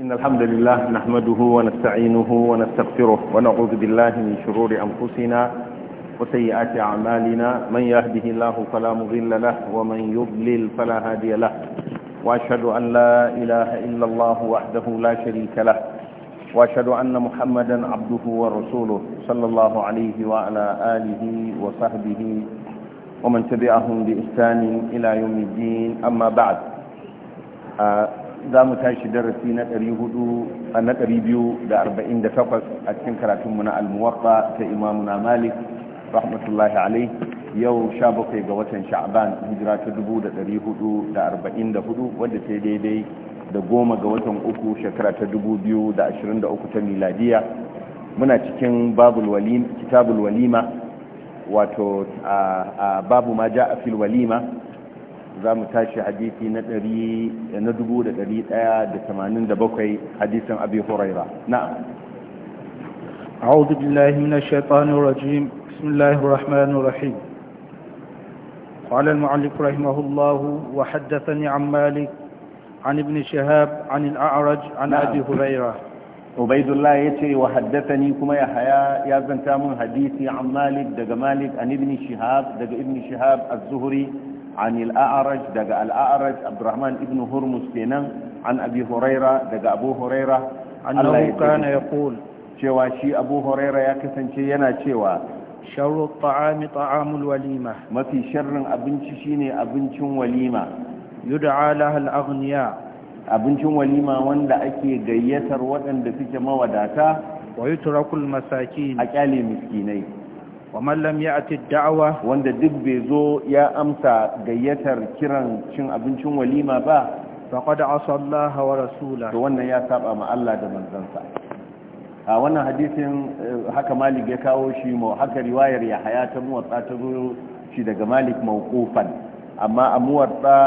إن الحمد لله نحمده ونستعينه ونستغفره ونعوذ بالله من شرور أنفسنا وسيئات أعمالنا من يهده الله فلا مضل له ومن يضلل فلا هادي له وأشهد أن لا إله إلا الله وحده لا شريك له وأشهد أن محمدا عبده ورسوله صلى الله عليه وعلى آله وصحبه ومن تبعهم بإحسان إلى يوم الدين أما بعد آه za mu tashi darasi na 248 a cikin karatunmu na almuwaƙa ta na malik rahmatullahi alai yau sha bakwai ga watan sha'ban hijira ta 444 wadda sai daidai da goma ga watan uku shekara ta 2023 ta miladiya muna cikin kitabul walima wato a babu ma ja a fil walima za mu tashi hadisi na ɗari na dubu da ɗari ɗaya da tamanin da bakwai hadisin abi huraira na'am أعوذ بالله من الشيطان الرجيم بسم الله الرحمن الرحيم قال المعلق رحمه الله وحدثني عن مالك عن ابن شهاب عن الأعرج عن نعم. أبي هريرة عبيد الله يتي وحدثني كما يحيى يا زنتام حديثي عن مالك دق مالك عن ابن شهاب دق ابن شهاب الزهري عن الأعرج دقاء الأعرج عبد الرحمن بن هرمز كينان عن أبي هريرة دقاء أبو هريرة أنه كان يقول شوى شي أبو هريرة يا كسن شينا شوى شر الطعام طعام الوليمة ما في شر أبن شيني أبن أبنش وليمة يدعى لها الأغنياء أبن أبنش وليمة وان لأكي قيسر وان لفك موداتا ويترك المساكين أكالي مسكيني wa mallam ya ati da'awa wanda duk bai zo ya amsa gayyatar kiran cin abincin walima ba faqad asallaha wa rasula to wannan ya saba ma Allah da manzansa a wannan hadisin eh, haka Malik ya kawo shi mu haka riwayar Yahaya ta muwatta ta zo shi daga Malik mawqufan amma a muwatta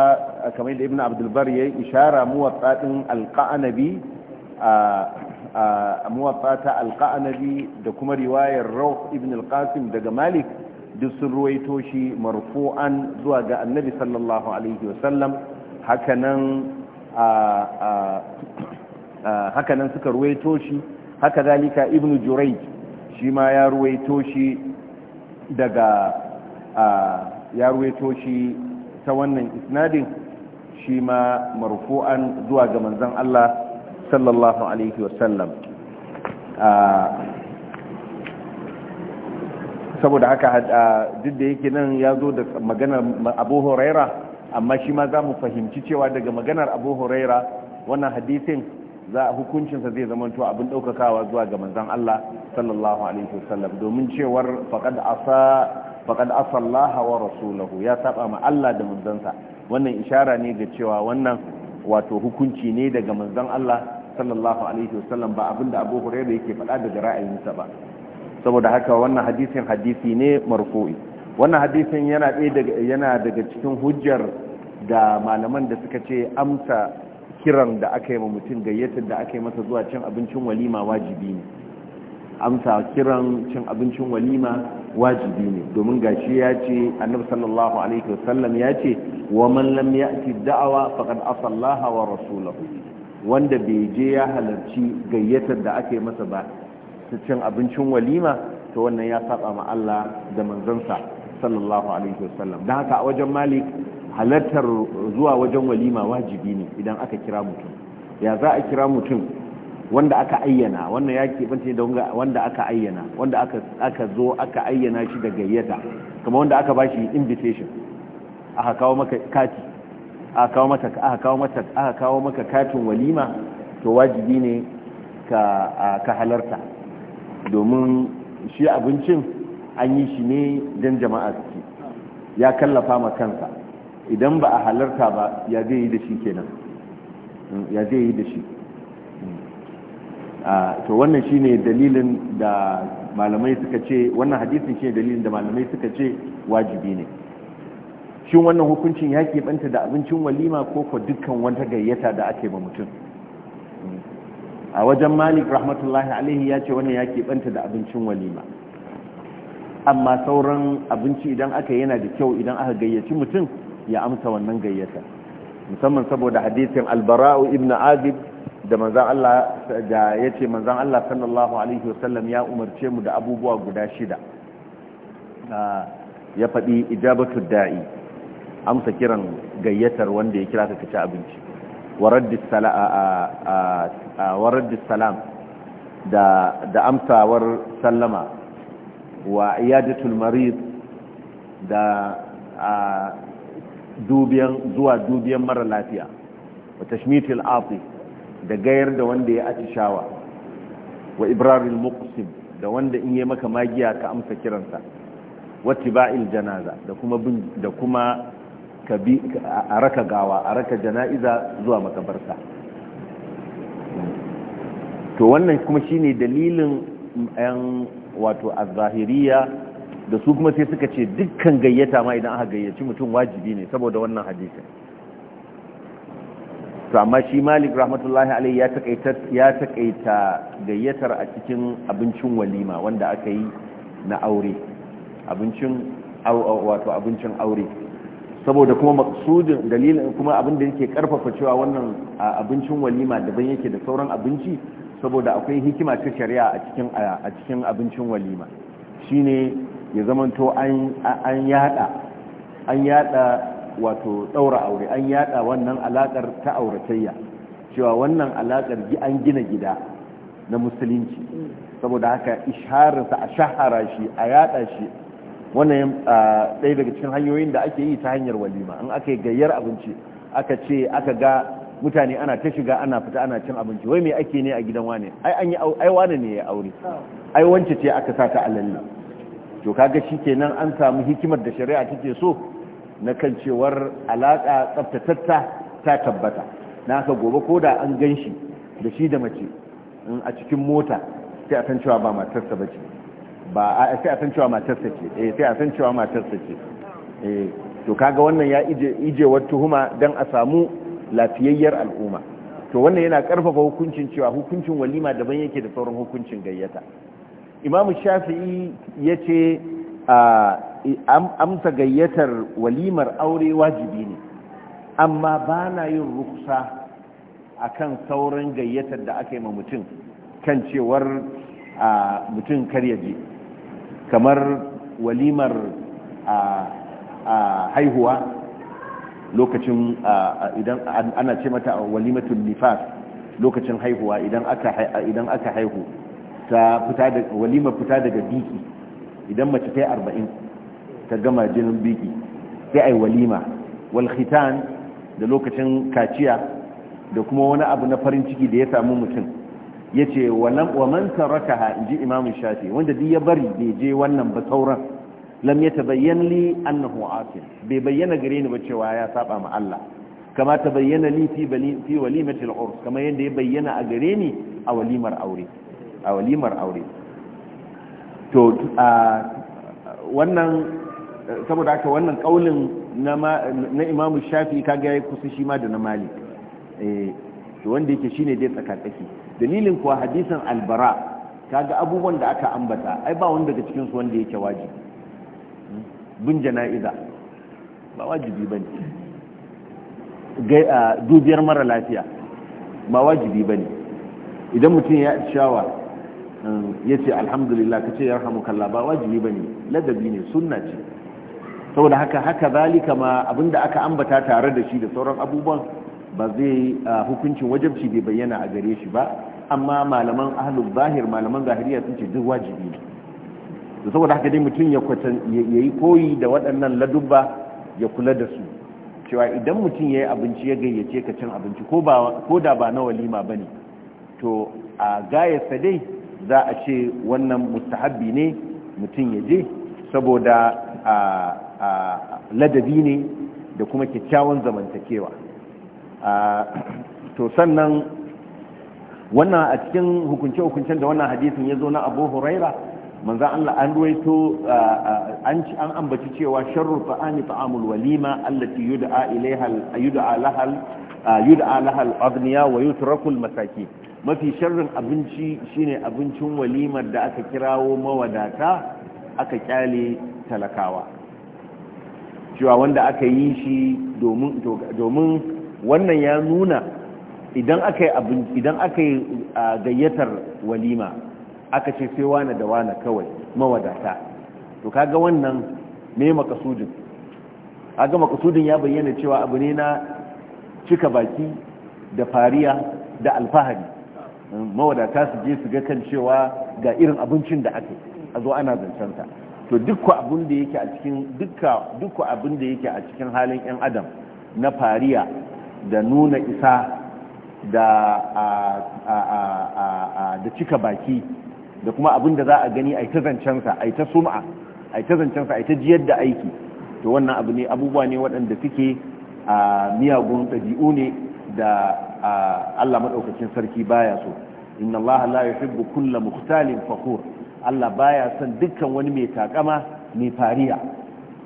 kamar da Ibn Abdul Bar yayi ishara muwatta din al-Qanabi a muwatsa ta alqa'anabi da kuma riwayar Rauf ibn al-Qasim daga Malik duk sun ruwaito shi marfu'an zuwa ga Annabi sallallahu alaihi wasallam hakanan suka ruwaito shi haka zalika ibn Jurayj shi ma ya ruwaito shi daga ya ruwaito shi ta wannan isnadin shi ma marfu'an zuwa ga manzon Allah sallallahu alaihi wasallam saboda haka duk da yake nan ya zo da maganar abu huraira amma shi ma za mu fahimci cewa daga maganar abu huraira wannan hadisin za hukuncinsa zai zama to abin ɗaukakawa zuwa ga manzan Allah sallallahu alaihi wasallam domin cewar faqad asa faqad wa rasulahu ya saba ma Allah da manzansa wannan ishara ne ga cewa wannan wato hukunci ne daga manzan Allah sallallahu alaihi wasallam ba abinda abu huraira yake faɗa daga ra'ayinsa ba saboda haka wannan hadisin hadisi ne marfu'i wannan hadisin yana daga yana daga cikin hujjar da malaman da suka ce amsa kiran da aka yi ma mutum gayyatar da aka yi masa zuwa cin abincin walima wajibi ne amsa kiran cin abincin walima wajibi ne domin gashi ya ce annabi sallallahu alaihi wasallam ya ce wa man lam ya'ti da'awa faqad asallaha wa rasulahu wanda bai je ya halarci gayyatar da aka yi masa ba su cin abincin walima ta wannan ya saba ma Allah da manzansa sallallahu alaihi wasallam don haka a wajen malik halartar zuwa wajen walima wajibi ne idan aka kira mutum ya za a kira mutum wanda aka ayyana wannan ya keɓance da wanda aka ayyana wanda aka zo aka ayyana shi da gayyata kama wanda aka bashi invitation aka kawo maka kati aka kawo mata aka kawo mata aka kawo maka katin walima to wajibi ne ka ka halarta domin shi abincin an yi shi ne dan jama'a suke ya kallafa ma kansa idan ba a halarta ba ya zai yi da shi kenan hmm, ya zai yi da shi hmm. to wannan shine dalilin da malamai suka ce wannan hadisin shine dalilin da malamai suka ce wajibi ne shin wannan hukuncin ya keɓanta da abincin walima ko ko dukkan wata gayyata da ake ba mutum a wajen malik rahmatullahi alaihi ya ce wannan ya keɓanta da abincin walima amma sauran abinci idan aka yana da kyau idan aka gayyaci mutum ya amsa wannan gayyata musamman saboda hadisin albara'u ibn azib da manzan Allah da ya ce manzan Allah sallallahu alaihi wasallam ya umarce mu da abubuwa guda shida ah, ya faɗi ijabatu da'i amsa kiran gayyatar wanda ya kira ka ci abinci waraddis salam da amsawar sallama wa iyadatul marid da dubiyan zuwa dubiyan mara lafiya wa tashmitil afi da gayar da wanda ya atishawa wa ibraril muqsim da wanda in yi maka magiya ka amsa kiransa wa tiba'il janaza da kuma da kuma a raka gawa a raka jana'iza zuwa makabarta to wannan kuma shine dalilin yan wato azahiriya da su kuma sai suka ce dukkan gayyata ma idan aka gayyaci mutum wajibi ne saboda wannan hadisin to amma shi malik rahmatullahi alaihi ya takaita gayyatar a cikin abincin walima wanda aka yi na aure abincin wato abincin aure saboda kuma maksudin dalilin kuma abin da yake karfafa cewa wannan abincin walima daban yake da sauran abinci saboda akwai hikima ta shari'a a cikin a cikin abincin walima shine ya zamanto an an yada an yada wato daura aure an yada wannan alakar ta auratayya cewa wannan alakar an gina gida na musulunci saboda haka isharinsa a shahara shi a yada shi wannan ɗaya daga cikin hanyoyin da ake yi ta hanyar walima in aka yi gayyar abinci aka ce aka ga mutane ana ta shiga ana fita ana cin abinci wai mai ake ne a gidan wane ai wane ne ya aure ai wance ce aka sa ta alalli to kaga shikenan an samu hikimar da shari'a take so na kan cewar alaka tsaftatatta ta tabbata na aka gobe ko da an gan shi da shi da mace a cikin mota sai a san cewa ba matarsa ba ce ba a sai a san cewa matarsa ce eh sai a san cewa matarsa ce eh to kaga wannan ya ije ijewar tuhuma dan a samu lafiyayyar al'umma to wannan yana karfafa hukuncin cewa hukuncin walima daban yake da sauran hukuncin gayyata imamu shafi'i yace amsa gayyatar walimar aure wajibi ne amma ba na yin ruksa akan sauran gayyatar da aka yi ma mutum kan cewar mutum kar je. kamar walimar a haihuwa lokacin idan ana ce mata walimatul nifas lokacin haihuwa idan aka idan aka haihu ta fita da walima fita daga biki idan mace ta yi 40 ta gama jinin biki sai ai walima wal khitan da lokacin kaciya da kuma wani abu na farin ciki da ya samu mutum yace ce wa man tarakaha inji imamu shafi wanda duk ya bari bai je wannan ba sauran lam yatabayyan li annahu asil bai bayyana gare ni ba cewa ya saba ma Allah kama tabayyana li fi bali fi walimatil urs kama yanda ya bayyana a gare ni a walimar aure a walimar aure to wannan saboda haka wannan kaulin na na imamu shafi kaga yayi kusa shi ma da na malik eh wanda yake shine dai tsakatsaki dalilin kuwa hadisan albara kaga abubuwan da aka ambata ai ba wanda daga cikin su wanda yake wajibi bin jana'iza ba wajibi bane dubiyar mara lafiya ba wajibi bane idan mutum ya shawa um, ya ce alhamdulillah ka ce ya kalla ba wajibi bane ladabi ne sunna ce saboda haka haka zalika ma abinda aka ambata tare da shi da sauran abubuwan ba zai hukuncin wajabci bai bayyana a gare shi ba amma malaman ahlul zahir malaman zahiriya sun ce duk wajibi ne da saboda haka dai mutum ya yi koyi da waɗannan ladubba ya kula da su cewa idan mutum ya yi abinci ya gayyace ka cin abinci ko da ba na walima ba ne to a gayasa dai za a ce wannan mustahabbi ne mutum ya je saboda ladabi ne da kuma kyakkyawan zamantakewa to sannan wannan a cikin hukunce-hukuncen da wannan hadisin ya zo na abu huraira manzan Allah an ruwaito an ambaci cewa sharru ta'ani ta'amul walima allati yud'a ilaiha yud'a lahal yud'a lahal aghniya wa mafi sharrin abinci shine abincin walimar da aka kirawo mawadata aka kyale talakawa cewa wanda aka yi shi domin domin wannan ya nuna idan aka yi gayyatar walima aka ce sai wane da wane kawai mawadata to kaga wannan me makasudin kaga makasudin ya bayyana cewa abu ne na cika baki da fariya da alfahari mawadata su je su ga kan cewa ga irin abincin da aka a zo ana zancenta to dukku abin da yake a abin da yake a cikin halin yan adam na fariya da nuna isa da cika baki da kuma abin da za a gani a ta zancensa a ta sum'a a ita zancensa a ta jiyar da aiki to wannan abu ne abubuwa ne waɗanda suke a miyagun ɗabi'u ne da Allah maɗaukacin sarki baya so inna Allah la yuhibbu kulla mukhtalin fakur Allah baya son dukkan wani mai takama mai fariya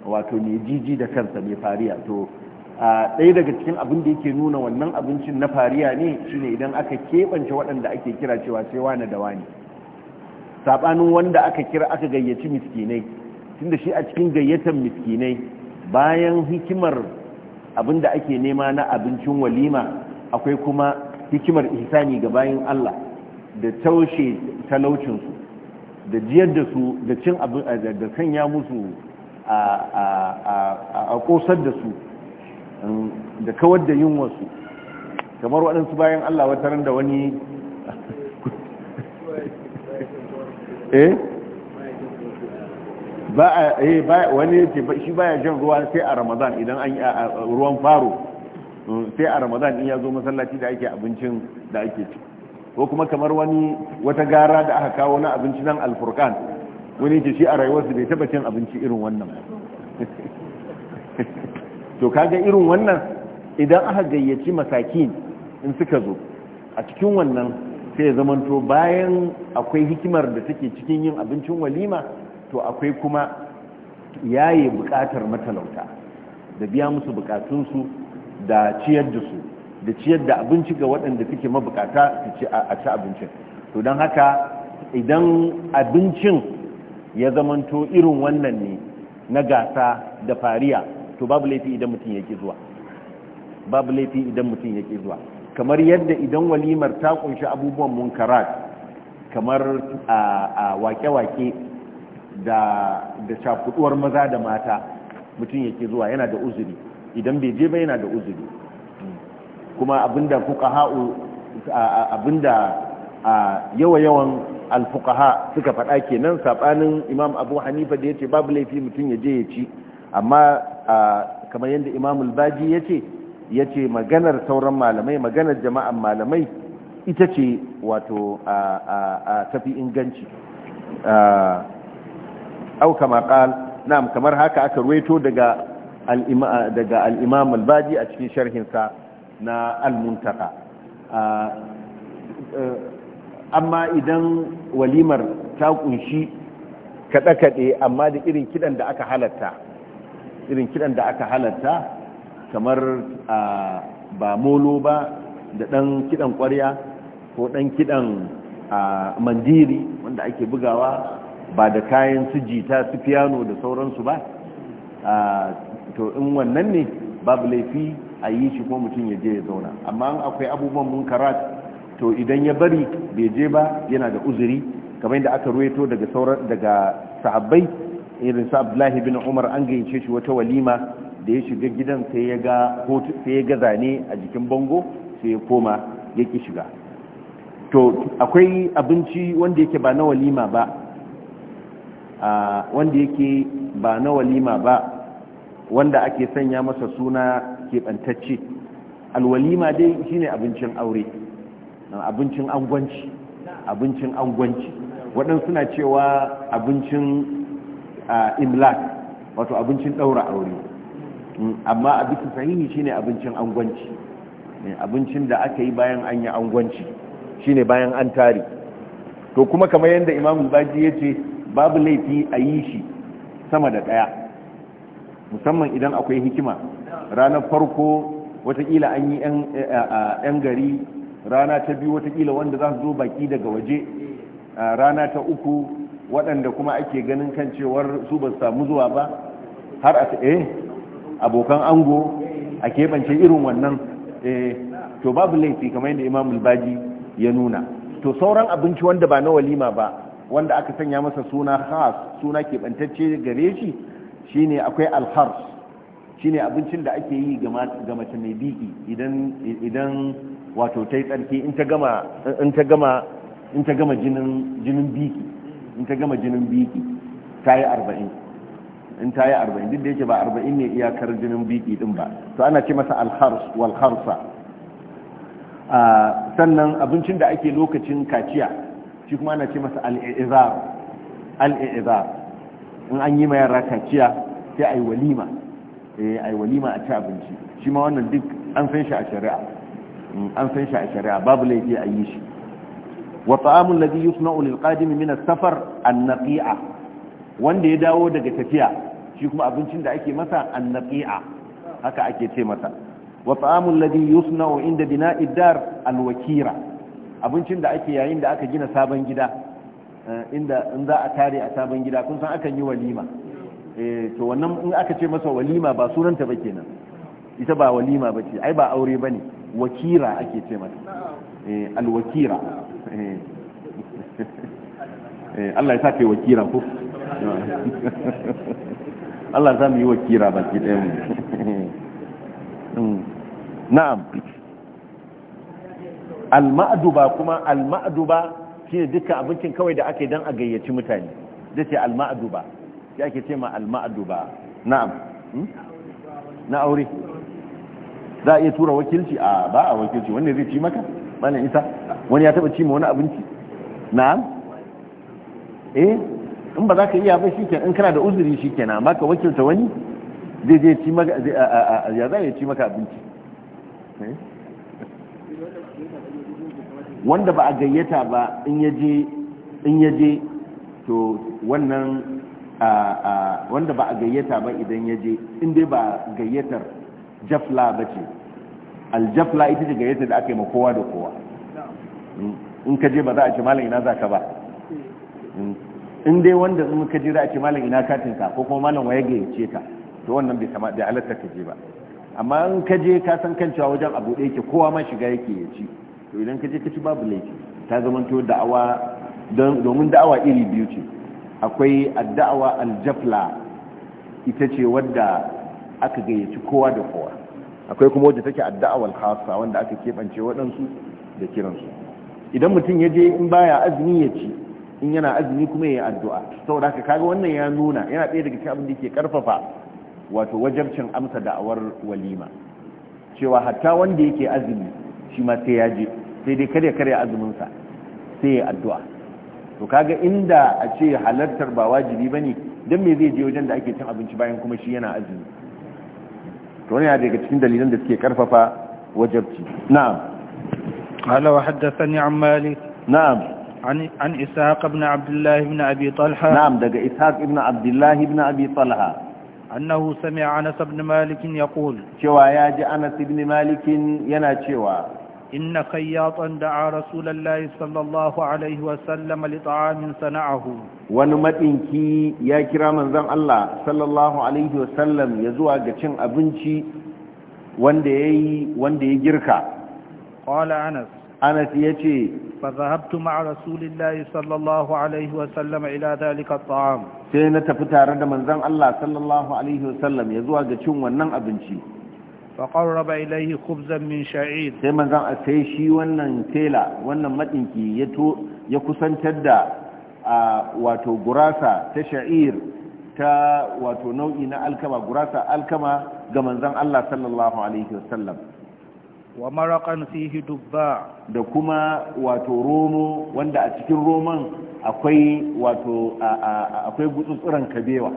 wato mai jiji da kansa mai fariya to ɗaya daga cikin abin da yake nuna wannan abincin na fariya ne shine idan aka keɓance waɗanda ake kira cewa sai wane da wane saɓanin wanda aka kira aka gayyaci miskinai tunda shi a cikin gayyatan miskinai bayan hikimar abin da ake nema na abincin walima akwai kuma hikimar ihsani ga bayan Allah da taushe talaucinsu da jiyar da su da cin abin da sanya musu a ƙosar da su da kawar da yin wasu kamar waɗansu bayan Allah wata ran da wani eh ba a eh, ba wani ce shi baya jan ruwa sai a Ramadan idan an ruwan faro mm, sai a Ramadan in ya zo masallaci da ake abincin da ake ci ko kuma kamar wani wata gara da aka kawo na abinci nan alfurkan wani ce shi a rayuwarsu bai taba cin abinci irin wannan to kaga irin wannan idan aka gayyaci masakin in suka zo a cikin wannan sai ya zamanto bayan akwai hikimar da take cikin yin abincin walima to akwai kuma yaye bukatar matalauta da biya musu bukatunsu da ciyar da su da ciyar da abinci ga waɗanda suke mabukata a ci abincin to don haka idan abincin ya zamanto irin wannan ne na gasa da fariya to babu laifi idan mutum yake zuwa babu laifi idan mutum yake zuwa kamar yadda idan walimar ta kunshi abubuwan munkarat kamar a wake-wake da da shafuduwar maza da mata mutum yake zuwa yana da uzuri idan bai je ba yana da uzuri kuma abinda fuqaha'u abinda yawa-yawan alfuqaha suka faɗa kenan sabanin Imam Abu Hanifa da yace babu laifi mutum ya je ya ci amma kamar yadda imamul baji ya ce ya ce maganar sauran malamai maganar jama'an malamai ita ce wato a tafi inganci au na'am kamar haka aka ruwaito daga al'imam al-baji a cikin sharhinsa na almuntaka. E, amma idan walimar ta kunshi kaɗe-kaɗe amma da irin kiɗan da aka halatta irin kidan da aka halarta kamar ba molo ba da dan kidan kwarya ko dan kidan mandiri wanda ake bugawa ba da kayan su jita su piano da sauransu ba to in wannan ne babu laifi a yi shi ko mutum ya je ya zauna amma akwai abubuwan munkarat to idan ya bari bai je ba yana da uzuri kamar yadda aka rwaito daga sahabbai irin su abdullahi bin umar an gayyace shi wata walima da ya shiga gidan sai ya ga sai ya ga zane a jikin bango sai ya koma ya ki shiga to akwai abinci wanda yake ba na walima ba wanda yake ba na walima ba wanda ake sanya masa suna keɓantacce alwalima dai shine abincin aure abincin angwanci abincin angwanci waɗansu na cewa abincin imlak wato abincin ɗaura aure mm, amma a bisa sahihi shine abincin angwanci eh, abincin da aka yi bayan an yi angwanci shine bayan an tare to kuma kamar yadda imamu baji ya ce babu laifi a yi shi sama da ɗaya musamman idan akwai hikima ranar farko watakila an yi 'yan eh, gari rana ta biyu watakila wanda za su zo baki daga waje rana ta uku waɗanda kuma ake ganin kan cewar su ba samu zuwa ba har a eh abokan ango a keɓance irin wannan eh to babu laifi kamar yadda imam albaji ya nuna to sauran abinci wanda ba na walima ba wanda aka sanya masa suna khas suna keɓantacce gare shi shine akwai alhars shine abincin da ake yi ga mace mai biki idan wato ta yi tsarki in ta gama in jinin biki in ta gama jinin biki ta yi arba'in in ta yi arba'in duk da yake ba arba'in ne iyakar jinin biki din ba to ana ce masa alhars walharsa ah, sannan abincin da ake lokacin kaciya shi kuma ana ce masa al'i'izar al'izar in an yi ma yara kaciya sai ai walima eh ai walima a ci abinci shi ma wannan duk an san shi a shari'a mm, an san shi a shari'a babu laifi a yi shi wa ta'amul ladhi yusna'u lil qadimi min as-safar an-naqi'a wanda ya dawo daga tafiya shi kuma abincin da ake masa an-naqi'a haka ake ce masa wa ta'amul ladhi yusna'u inda bina'i dar al-wakira abincin da ake yayin da aka gina sabon gida eh, inda in za a tare a sabon gida kun san akan yi walima eh to wannan in aka ce masa walima ba sunanta ba kenan ita ba walima ba ce ai ba aure ba ne wakira ake ce masa. Eh, alwakira eh. Eh, Allah ya sa wakira ko Allah za mu yi wakira baki ɗaya mu hmm. na'am al kuma al shi shine dukkan abincin kawai da ake dan a gayyaci mutane da ce al-ma'duba shi ake ce ma al na'am hmm? na aure za a iya tura wakilci a ba a wakilci wanda zai ci maka malam isa wani ya taba ci ma wani abinci na eh in ba za ka iya ba ke in kana da uzuri na amma ka wakilta wani zai zai ci maka ya za ya ci maka abinci eh? wanda ba a gayyata ba in yaje in yaje to wannan wanda ba a gayyata ba idan yaje in dai ba gayyatar jafla ba ce aljafla ita ce gayyata da aka yi ma kowa da kowa in ka je ba za a ce malam ina za ka ba in dai wanda in ka je za a ce malam ina katin ka ko kuma malam waye gayyace ka to wannan bai kama da halatta ka je ba amma in ka je ka san kan cewa wajen abu da yake kowa ma shiga yake ya ci to idan ka je ka ci babu laifi ta to da'awa domin da'awa iri biyu ce akwai adda'awa aljafla ita ce wadda aka gayyaci kowa da kowa akwai kuma wadda take adda'awar wal khassa wanda aka kebance waɗansu da kiransu idan mutum ya je in baya azumi ya ci in yana azumi kuma ya yi addu'a saboda haka kaga wannan ya nuna yana ɗaya daga cikin abin da ke karfafa wato wajabcin amsa da'awar walima cewa hatta wanda yake azumi shi ma sai ya je sai dai karya karya azumin sa sai ya addu'a to kaga inda a ce halartar ba wajibi bane dan me zai je wajen da ake cin abinci bayan kuma shi yana azumi to wani daga cikin dalilan da suke karfafa wajabci na'am qala wa an malik na'am an an ishaq ibn abdullah ibn abi na'am daga ishaq ibn abdullah ibn abi talha annahu sami'a anas ibn malik yaqul cewa ya ji anas ibn malik yana cewa إن خياطا دعا رسول الله صلى الله عليه وسلم لطعام صنعه ونمتنكي يا كرام زم الله صلى الله عليه وسلم يزوى قتشن أبنشي واندي واندي جركا قال أنس أنس يتي فذهبت مع رسول الله صلى الله عليه وسلم إلى ذلك الطعام سينة فتارة من زم الله صلى الله عليه وسلم يزوى قتشن ونن أبنشي فقرب إليه خبزا من شعير سي منزان سي شي wannan tela wannan maɗinki ya kusantar da wato gurasa ta sha'ir ta wato nau'i na alkama gurasa alkama ga manzan Allah sallallahu alaihi wasallam wa maraqan fihi dubba da kuma wato romo wanda a cikin roman akwai wato akwai gutsutsuran kabewa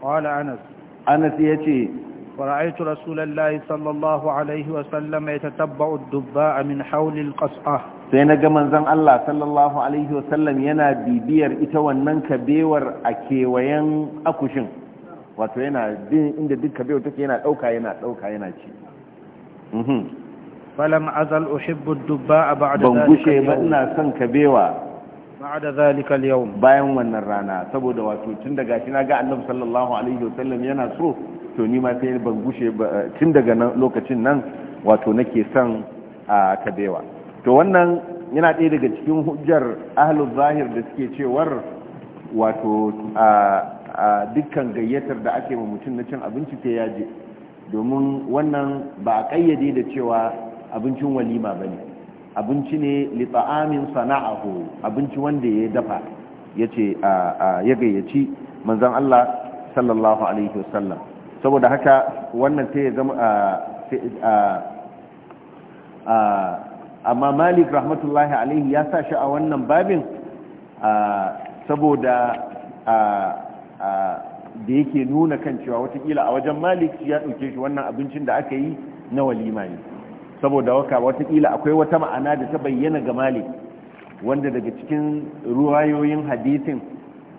qala anas anas yace ورأيت رسول الله صلى الله عليه وسلم يتتبع الدباء من حول القصعة سينا جمن زن الله صلى الله عليه وسلم ينا بيبير إتوانن كبيور أكيوين أكوشن wato yana din inda duk kabewa take yana dauka yana dauka yana ci mhm azal uhibbu ad-dubba ba'da ban gushe ba ina son kabewa ba'da zalika al-yawm bayan wannan rana saboda wato tun daga na ga annabi sallallahu alaihi wasallam yana so to ni ma sai ban gushe tun daga lokacin nan wato nake son a kabewa to wannan yana ɗaya daga cikin hujjar ahlul zahir da suke cewar wato a dukkan gayyatar da ake mutum na cin abinci sai ya domin wannan ba a ƙayyade da cewa abincin walima ba ne abinci ne lita'amin sana'ahu abinci wanda ya dafa ya ce ya gayyaci manzan Allah sallallahu alaihi wasallam saboda haka wannan ta ya zama a amma malik rahmatullahi alaihi ya sa shi a wannan babin saboda da yake nuna kan cewa watakila a wajen malik ya ɗauke shi wannan abincin da aka yi na walima ne saboda waka watakila akwai wata ma'ana da ta bayyana ga malik wanda daga cikin ruwayoyin hadisin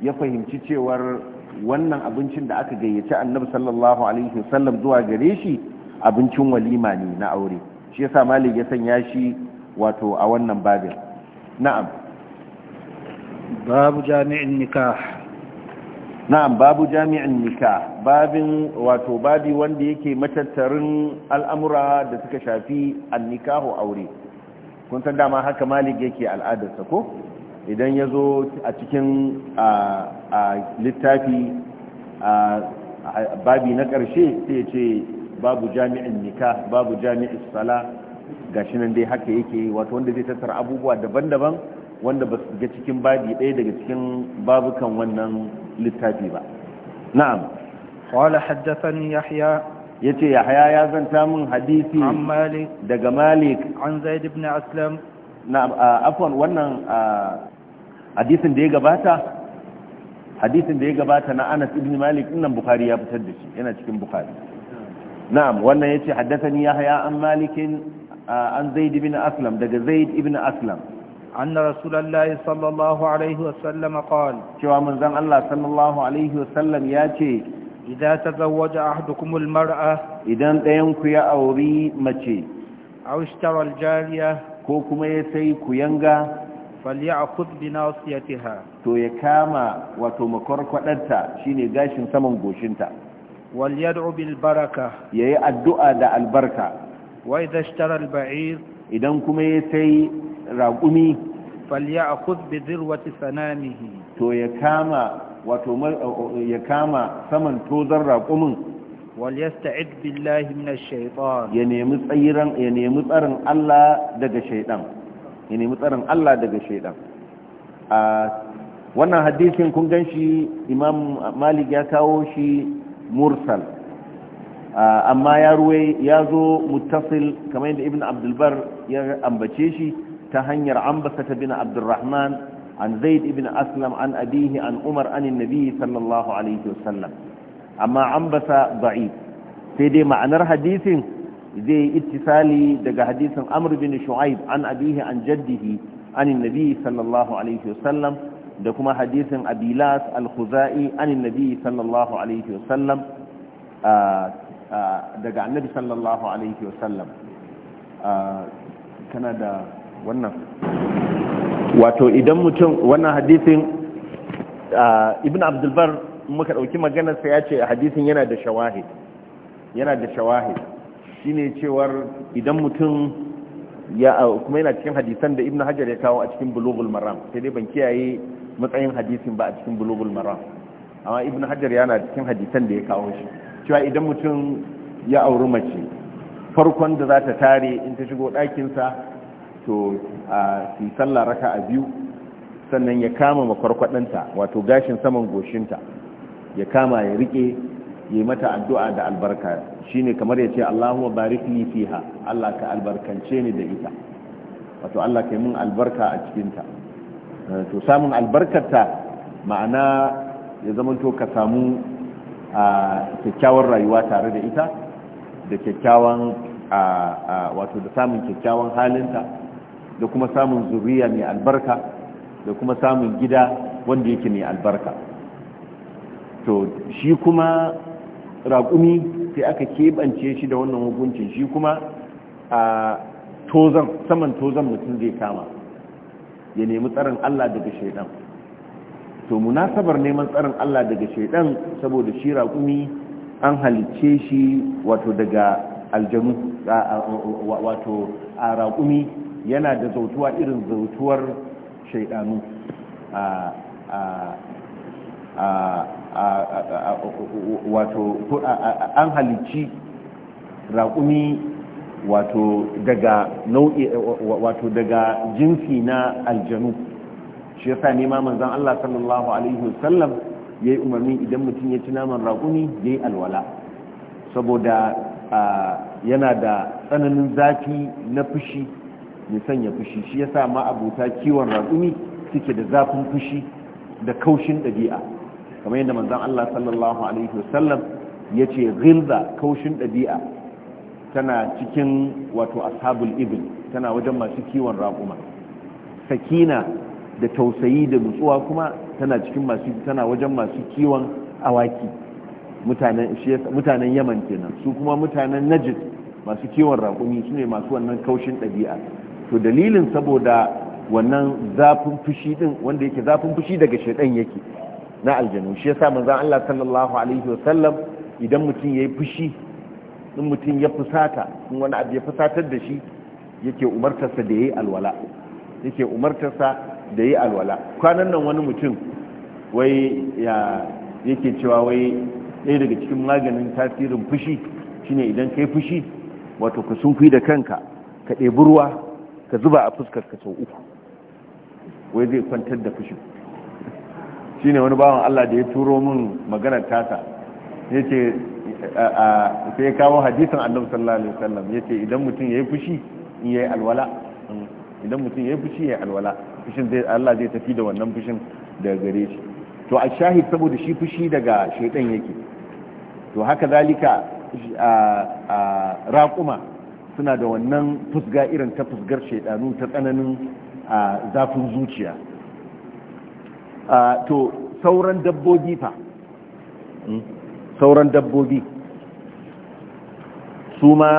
ya fahimci cewar wannan abincin da aka gayyaci annabi sallallahu alaihi wasallam zuwa gare shi abincin walima ne na aure shi yasa malik ya sanya shi wato a wannan babin na'am babu jami'in nikah na'am babu jami'in nikah babin wato babi wanda yake matattarin al'amura da suka shafi annikahu aure kun san dama haka malik yake al'adarsa ko idan ya zo a cikin littafi babi na ƙarshe sai ya ce babu jami'in nika babu jami'in sala shi nan dai haka yake wato wanda zai tattara abubuwa daban-daban wanda ba su ga cikin babi ɗaya daga cikin babukan wannan littafi ba na'am wala haddasa yahya yace yahya ya zanta min hadisi daga malik an zaid ibn aslam na Afon wannan hadisin da ya gabata hadisin da ya gabata na Anas ibn Malik nan Bukhari ya fitar da shi yana cikin Bukhari na'am wannan yace haddathani Yahya an Malikin an Zaid ibn Aslam daga Zaid ibn Aslam anna rasulullahi sallallahu alaihi wa sallam qala cewa manzon Allah sallallahu alaihi wa wasallam yace idza tazawwaja ahadukum almar'a idan dayan ku ya auri mace aw ishtara aljariya ko kuma ya sai kuyanga falyakhudh bi nasiyatiha to ya kama wato makwarkwadanta shine gashin saman goshinta wal yad'u bil baraka yayi addu'a da albarka wa idha ishtara al ba'ir idan kuma ya sai raqumi falyakhudh bi dhirwati sanamihi to ya kama wato ya kama saman tozar raqumin وليستعد بالله من الشيطان ya ya nemi tsarin Allah daga shaydan ya nemi tsarin Allah daga shaydan wannan hadisin kun ganshi Imam Malik ya kawo shi mursal amma ya ruwe ya zo muttasil kamar yadda Ibn Abdul Bar ya ambace shi ta hanyar ambasa ta bin Abdurrahman an Zaid ibn Aslam an abihi an Umar an Nabi sallallahu alaihi wasallam amma an basa ba'i sai dai ma'anar hadisin zai ittisali daga hadisin amr bin shu'aib an abihi an jaddihi an nabi sallallahu alaihi wasallam da kuma hadisin abilas al-khuzai an nabi sallallahu alaihi wasallam daga annabi sallallahu alaihi wasallam kana da wannan wato idan mutum wannan hadisin ibn abdulbar muka dauki maganar sa yace hadisin yana da shawahid yana da shawahid shine cewar idan mutum ya kuma yana cikin hadisan da ibnu hajar ya kawo a cikin bulughul maram sai dai ban kiyaye matsayin hadisin ba a cikin bulughul maram amma ibnu hajar yana cikin hadisan da ya kawo shi cewa idan mutum ya auri mace farkon da za ta tare in ta shigo ɗakinsa to a fi sallah raka a biyu sannan ya kama makwarkwadanta wato gashin saman goshinta ya kama ya rike yi mata addu'a da albarka shine kamar ya ce Allahumma barik li fiha Allah ka albarkance ni da ita wato Allah ka yi mun albarka a cikinta eh, to samun albarkarta ma'ana ya zamanto ka samu a kyakkyawar rayuwa tare da ita da kyakkyawan wato da samun kyakkyawan halinta da kuma samun zuriya mai albarka da kuma samun gida wanda yake mai albarka to shi kuma raƙumi sai aka keɓance shi da wannan hukuncin shi kuma a tozan saman tozan mutum zai kama ya nemi tsarin Allah daga shaidan to munasabar neman tsarin Allah daga shaidan saboda shi raƙumi an halicce shi wato daga aljanu wato a raƙumi yana da zautuwa irin zautuwar shaidanu a wato an halicci raƙumi wato daga nau'i wato daga jinsi na aljanu shi ya sa ma manzan Allah sallallahu alaihi wasallam yi umarni idan mutum ya ci naman raƙumi ya yi alwala saboda yana da tsananin zafi na fushi ya sanya fushi shi sa ma abuta kiwon raƙumi suke da zafin fushi da kaushin ɗabi'a kamar yadda manzon Allah sallallahu alaihi wasallam yace ghilza kaushin dabi'a tana cikin wato ashabul ibil tana wajen masu kiwon raƙuma sakina da tausayi da nutsuwa kuma tana cikin masu tana wajen masu kiwon awaki mutanen mutanen Yaman kenan su kuma mutanen Najd masu kiwon raƙumi su ne masu wannan kaushin ɗabi'a to dalilin saboda wannan zafin fushi din wanda yake zafin fushi daga shaidan yake na aljanu shi yasa manzon Allah sallallahu alaihi wasallam idan mutum yayi fushi in mutum ya fusata in wani abu ya fusatar da shi yake umartarsa da yayi alwala yake umartarsa da yayi alwala kwanan nan wani mutum wai ya yake cewa wai ɗaya daga cikin maganin tasirin fushi shine idan kai fushi wato ka sunfi da kanka ka ɗebi ruwa ka zuba a fuskar ka sau uku wai zai kwantar da fushin shine wani bawan Allah da ya turo min maganar tata yace sai ya kawo hadisin annabi sallallahu alaihi wasallam ce idan mutum ya yi fushi in yi alwala mm. idan mutum yi fushi yi alwala fushin zai Allah zai tafi da wannan fushin daga gare shi to a shahid saboda shi fushi daga shaidan yake to haka zalika raƙuma suna da wannan fusga irin ta fusgar shaidanu ta tsananin zafin zuciya to sauran dabbobi fa hmm? sauran dabbobi su ma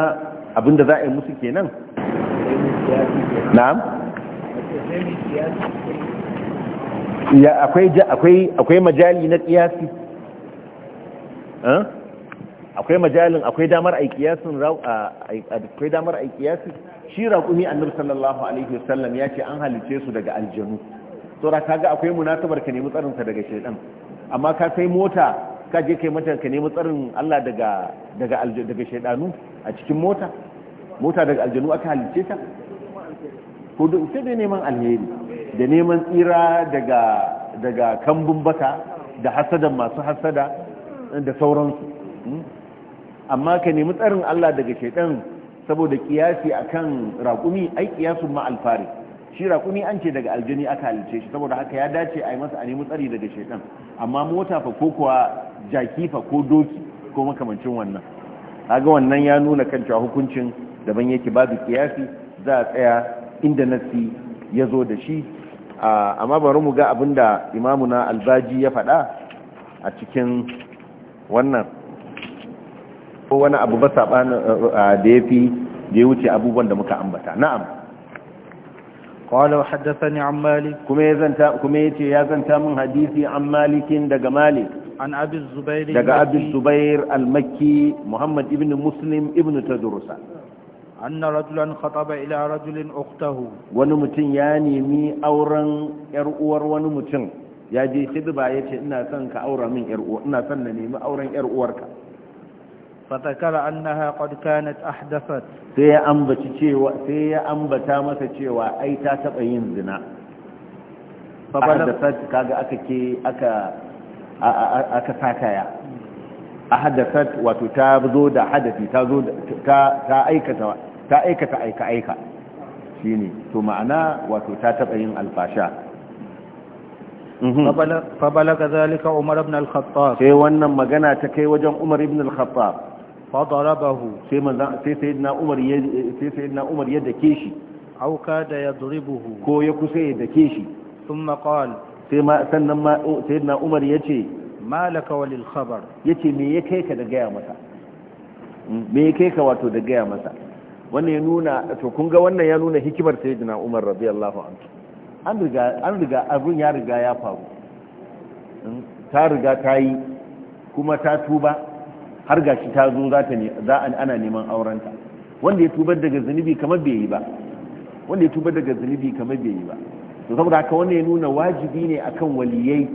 abinda za a yi musu kenan na'am ya akwai akwai akwai majali na kiyasi akwai majalin akwai damar a kiyasin akwai damar a kiyasi shi raƙumi annabi sallallahu alaihi wasallam ya ce an halice su daga aljanu saura ga akwai munatabar ka nemi tsarin sa daga shaydan amma ka sai mota ka je kai mata ka nemi tsarin Allah daga daga daga shaydanu a cikin mota mota daga aljanu aka halice ta ko da sai da neman alheri da neman tsira daga daga kambun baka da hasadan masu hasada da sauransu hmm? amma ka nemi tsarin Allah daga shaydan saboda kiyasi akan raƙumi ai kiyasun ma alfari shi raƙuni an ce daga aljini aka halice shi saboda haka ya dace a yi masa a nemi tsari daga shaitan amma mota fa ko kuwa jaki fa ko doki ko makamancin wannan kaga wannan ya nuna kan cewa hukuncin daban yake babu kiyasi za a tsaya inda nasi ya zo da shi amma bari mu ga abin da imamuna albaji ya faɗa a cikin wannan ko wani abu ba saɓa eh, eh, da ya fi da ya wuce abubuwan da muka ambata na'am قال وحدثني عن مالك كما يزنتا كما يتي يزنتا من حديثي عن مالك دغ مالك عن ابي الزبير دغ ابي الزبير المكي محمد ابن مسلم ابن تدرس أن رجلا خطب إلى رجل أخته ونمتن يعني مي أورن إرؤور ونمتن يا جي سبب آياتي إنا سنك أورا من إرؤور إنا سنني ما أورن إرؤورك فذكر انها قد كانت احدثت سي انبتي cewa sai ya ambata masa cewa ai ta taba yin zina fabalat kaga aka ke aka aka sakaya ahadathat wato ta zo da hadafi ta aikata aika aika shine to ma'ana wato ta taba yin alfasha فبلغ ذلك عمر بن الخطاب سي وannan magana ta kai wajen Umar ibn fadarabahu sai manzan sai sayyidina Umar ya sai sayyidina Umar ya dake shi aw kada yadribuhu ko ya kusa ya dake shi thumma qala sai ma sannan ma sayyidina Umar yace malaka walil khabar yace me ya kai ka da gaya masa me ya kai ka wato da gaya masa wannan ya nuna to kun ga wannan ya nuna hikimar sayyidina Umar radiyallahu anhu an riga an riga abun ya riga ya faru ta riga ta yi kuma ta tuba har gashi ta zo za ta ana neman aurenta wanda ya tubar daga zunubi kamar bai yi ba wanda ya tubar daga zunubi kamar bai yi ba to saboda haka wanda ya nuna wajibi ne akan waliyai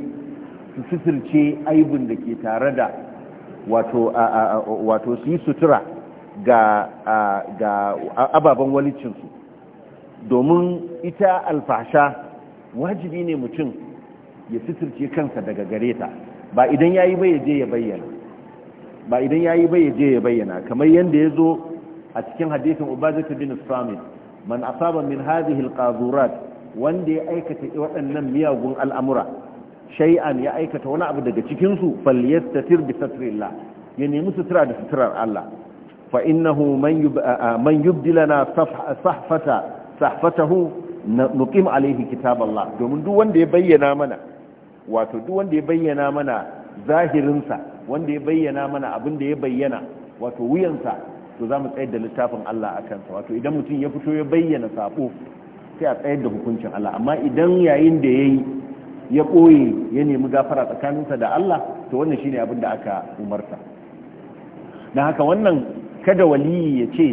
su suturce aibun da ke tare da wato wato su yi sutura ga ga ababen walicinsu domin ita alfasha wajibi ne mutum ya suturce kansa daga gareta ba idan ya yi bai je ya bayyana ba idan ya yi bai je ya bayyana kamar yadda ya zo a cikin hadisin ubazata bin samin man asaba min hadhihi alqazurat wanda ya aikata waɗannan miyagun al'amura shay'an ya aikata wani abu daga cikin su falyastatir bi satrillah ya nemi sutura da suturar Allah fa innahu man man yubdilana sahfata sahfatahu nuqim alayhi kitaballah domin duk wanda ya bayyana mana wato duk wanda ya bayyana mana zahirinsa wanda ya bayyana mana abin da ya bayyana wato wuyansa to za mu tsayar da littafin Allah a kansa wato idan mutum ya fito ya bayyana sako sai a tsayar da hukuncin Allah amma idan yayin da ya yi ya ɓoye ya nemi gafara tsakaninsa da Allah to wannan shine abin da aka umarta na haka wannan kada waliyi ya ce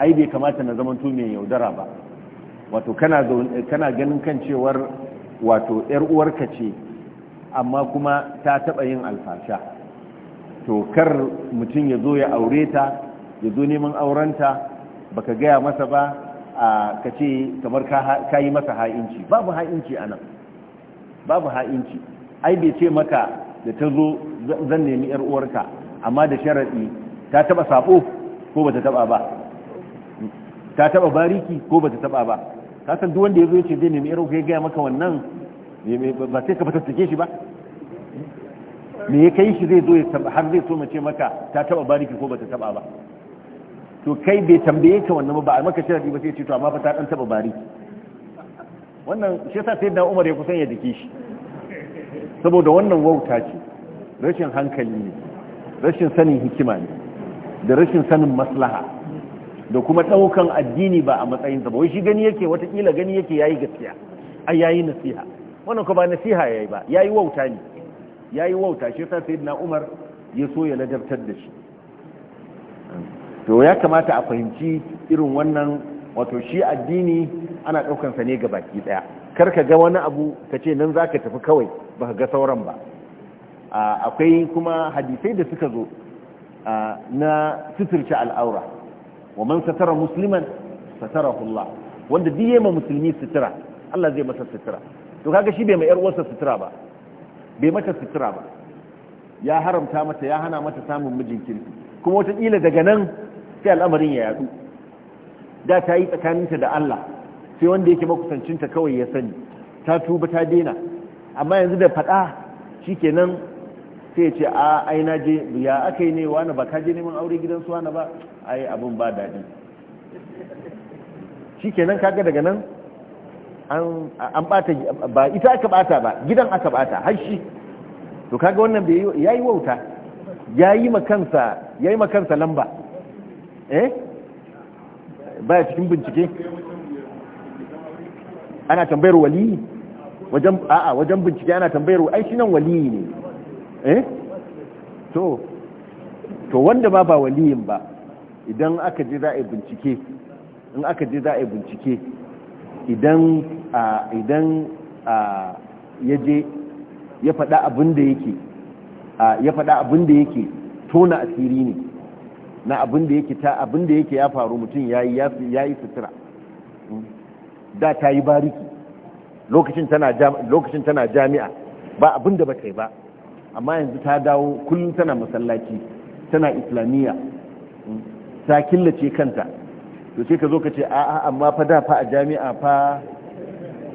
ai bai kamata na zamanto mai yaudara ba wato kana ganin kan cewar wato 'yar uwarka ce amma kuma ta taɓa yin alfasha to kar mutum ya zo ya aure ta ya zo neman aurenta baka gaya masa ba a ka ce kamar ka yi masa ha'inci babu ha'inci a nan babu ha'inci ai bai ce maka da ta zo zan nemi yar uwarka amma da sharaɗi ta taɓa sabo ko bata taɓa ba ta taɓa bariki ko bata taɓa ba kasan duk wanda ya zo ya ce zai nemi yar uwarka ya gaya maka wannan ba sai ka fatattake shi ba me ya kai shi zai zo har zai so mace maka ta taba bariki ko bata taba ba to kai bai tambaye ka wannan ba a maka sharadi ba sai ce to amma fa ta dan taba bariki wannan shi yasa sai da Umar ya kusan ya dake shi saboda wannan wauta ce rashin hankali ne rashin sanin hikima ne da rashin sanin maslaha da kuma daukan addini ba a matsayin sa ba wai shi gani yake watakila gani yake yayi gaskiya ai yayi nasiha wannan ko ba nasiha yayi ba yayi wauta ne yayi wauta shi yasa sayyidina Umar ya so ya ladabtar da shi to ya kamata a fahimci irin wannan wato shi addini ana ɗaukansa ne ga baki ɗaya kar ka ga wani abu ka ce nan zaka tafi kawai baka ga sauran ba akwai kuma hadisai da suka zo na suturce al'aura wa man satara musliman satarahu Allah wanda duk musulmi sutura Allah zai masa sutura to kaga shi bai mai yar uwarsa sutura ba bai mata sutura ba ya haramta mata ya hana mata samun mijin kirki kuma wata ƙila daga nan sai al'amarin ya yadu da ta yi tsakaninta da Allah sai wanda yake makusancinta kawai ya sani ta tuba ta dena. amma yanzu da faɗa shikenan sai ya ce a ai na je ya aka ne wani ba ka je neman aure gidan su wani ba ai abin ba daɗi shikenan kaga daga nan an bata ba ita aka bata ba gidan aka bata har shi to kaga wannan bai yayi wauta yayi makansa yayi makansa lamba eh baya cikin bincike ana tambayar wali wajen a'a wajen bincike ana tambayar ai shi nan wali ne eh to to wanda ma ba waliyin ba idan aka je za a bincike in aka je za a bincike idan idan ya je ya faɗa abin da yake ya faɗa abin da yake tona asiri ne na abin da yake ta abin da yake ya faru mutum ya yi sutura hmm? da ta yi bariki lokacin tana jami'a ba abin da ba ba amma yanzu ta dawo kullum tana masallaci tana islamiyya hmm? ta killace kanta to sai ka zo ka ce a'a amma fa da fa a jami'a fa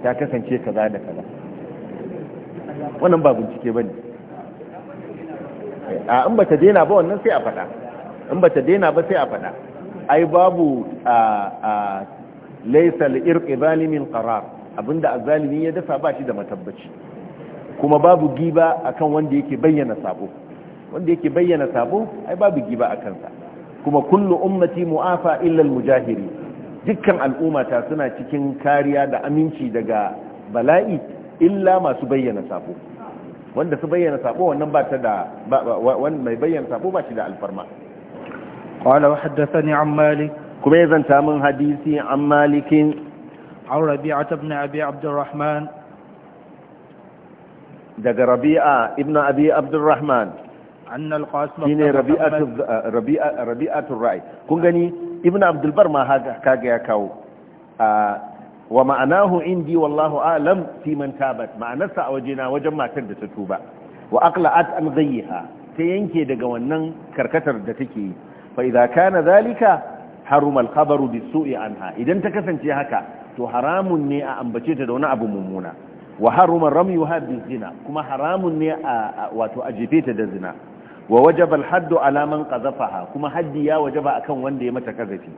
ta kasance kaza da kaza wannan ba bincike ba ne a in ba ta daina ba wannan sai a faɗa in ba ta daina ba sai a faɗa ai babu a laisa irƙi zalimin qarar abinda azalimin ya dafa ba shi da matabbaci kuma babu giba akan wanda yake bayyana sabo wanda yake bayyana sabo ai babu giba a kansa kuma kullu ummati mu'afa illa al-mujahiri dukkan al'ummata suna cikin kariya da aminci daga bala'i illa masu bayyana sabo wanda su bayyana sabo wannan ba ta da mai bayyana sabo ba shi da alfarma qala wa haddathani an malik kuma ya zanta min hadisi an malikin an rabi'a ibn abi abdurrahman daga rabi'a ibn abi abdurrahman anna al-qasim shine rabi'atu rabi'atu ra'i kun gani ibn abdulbar ma kaga ya kawo wa ma'anahu indi wallahu alam fi man tabat ma'anarsa a wajena wajen matar da ta tuba wa aqla'at an ghayha ta yanke daga wannan karkatar da take yi fa idza kana zalika haruma al-khabaru sui anha idan ta kasance haka to haramun ne a ambace ta da wani abu mummuna wa haruma ramyuha biz-zina kuma haramun ne a wato ajefeta da zina wa wajaba al-haddu ala man qazafaha kuma haddi ya wajaba akan wanda ya mata kazafi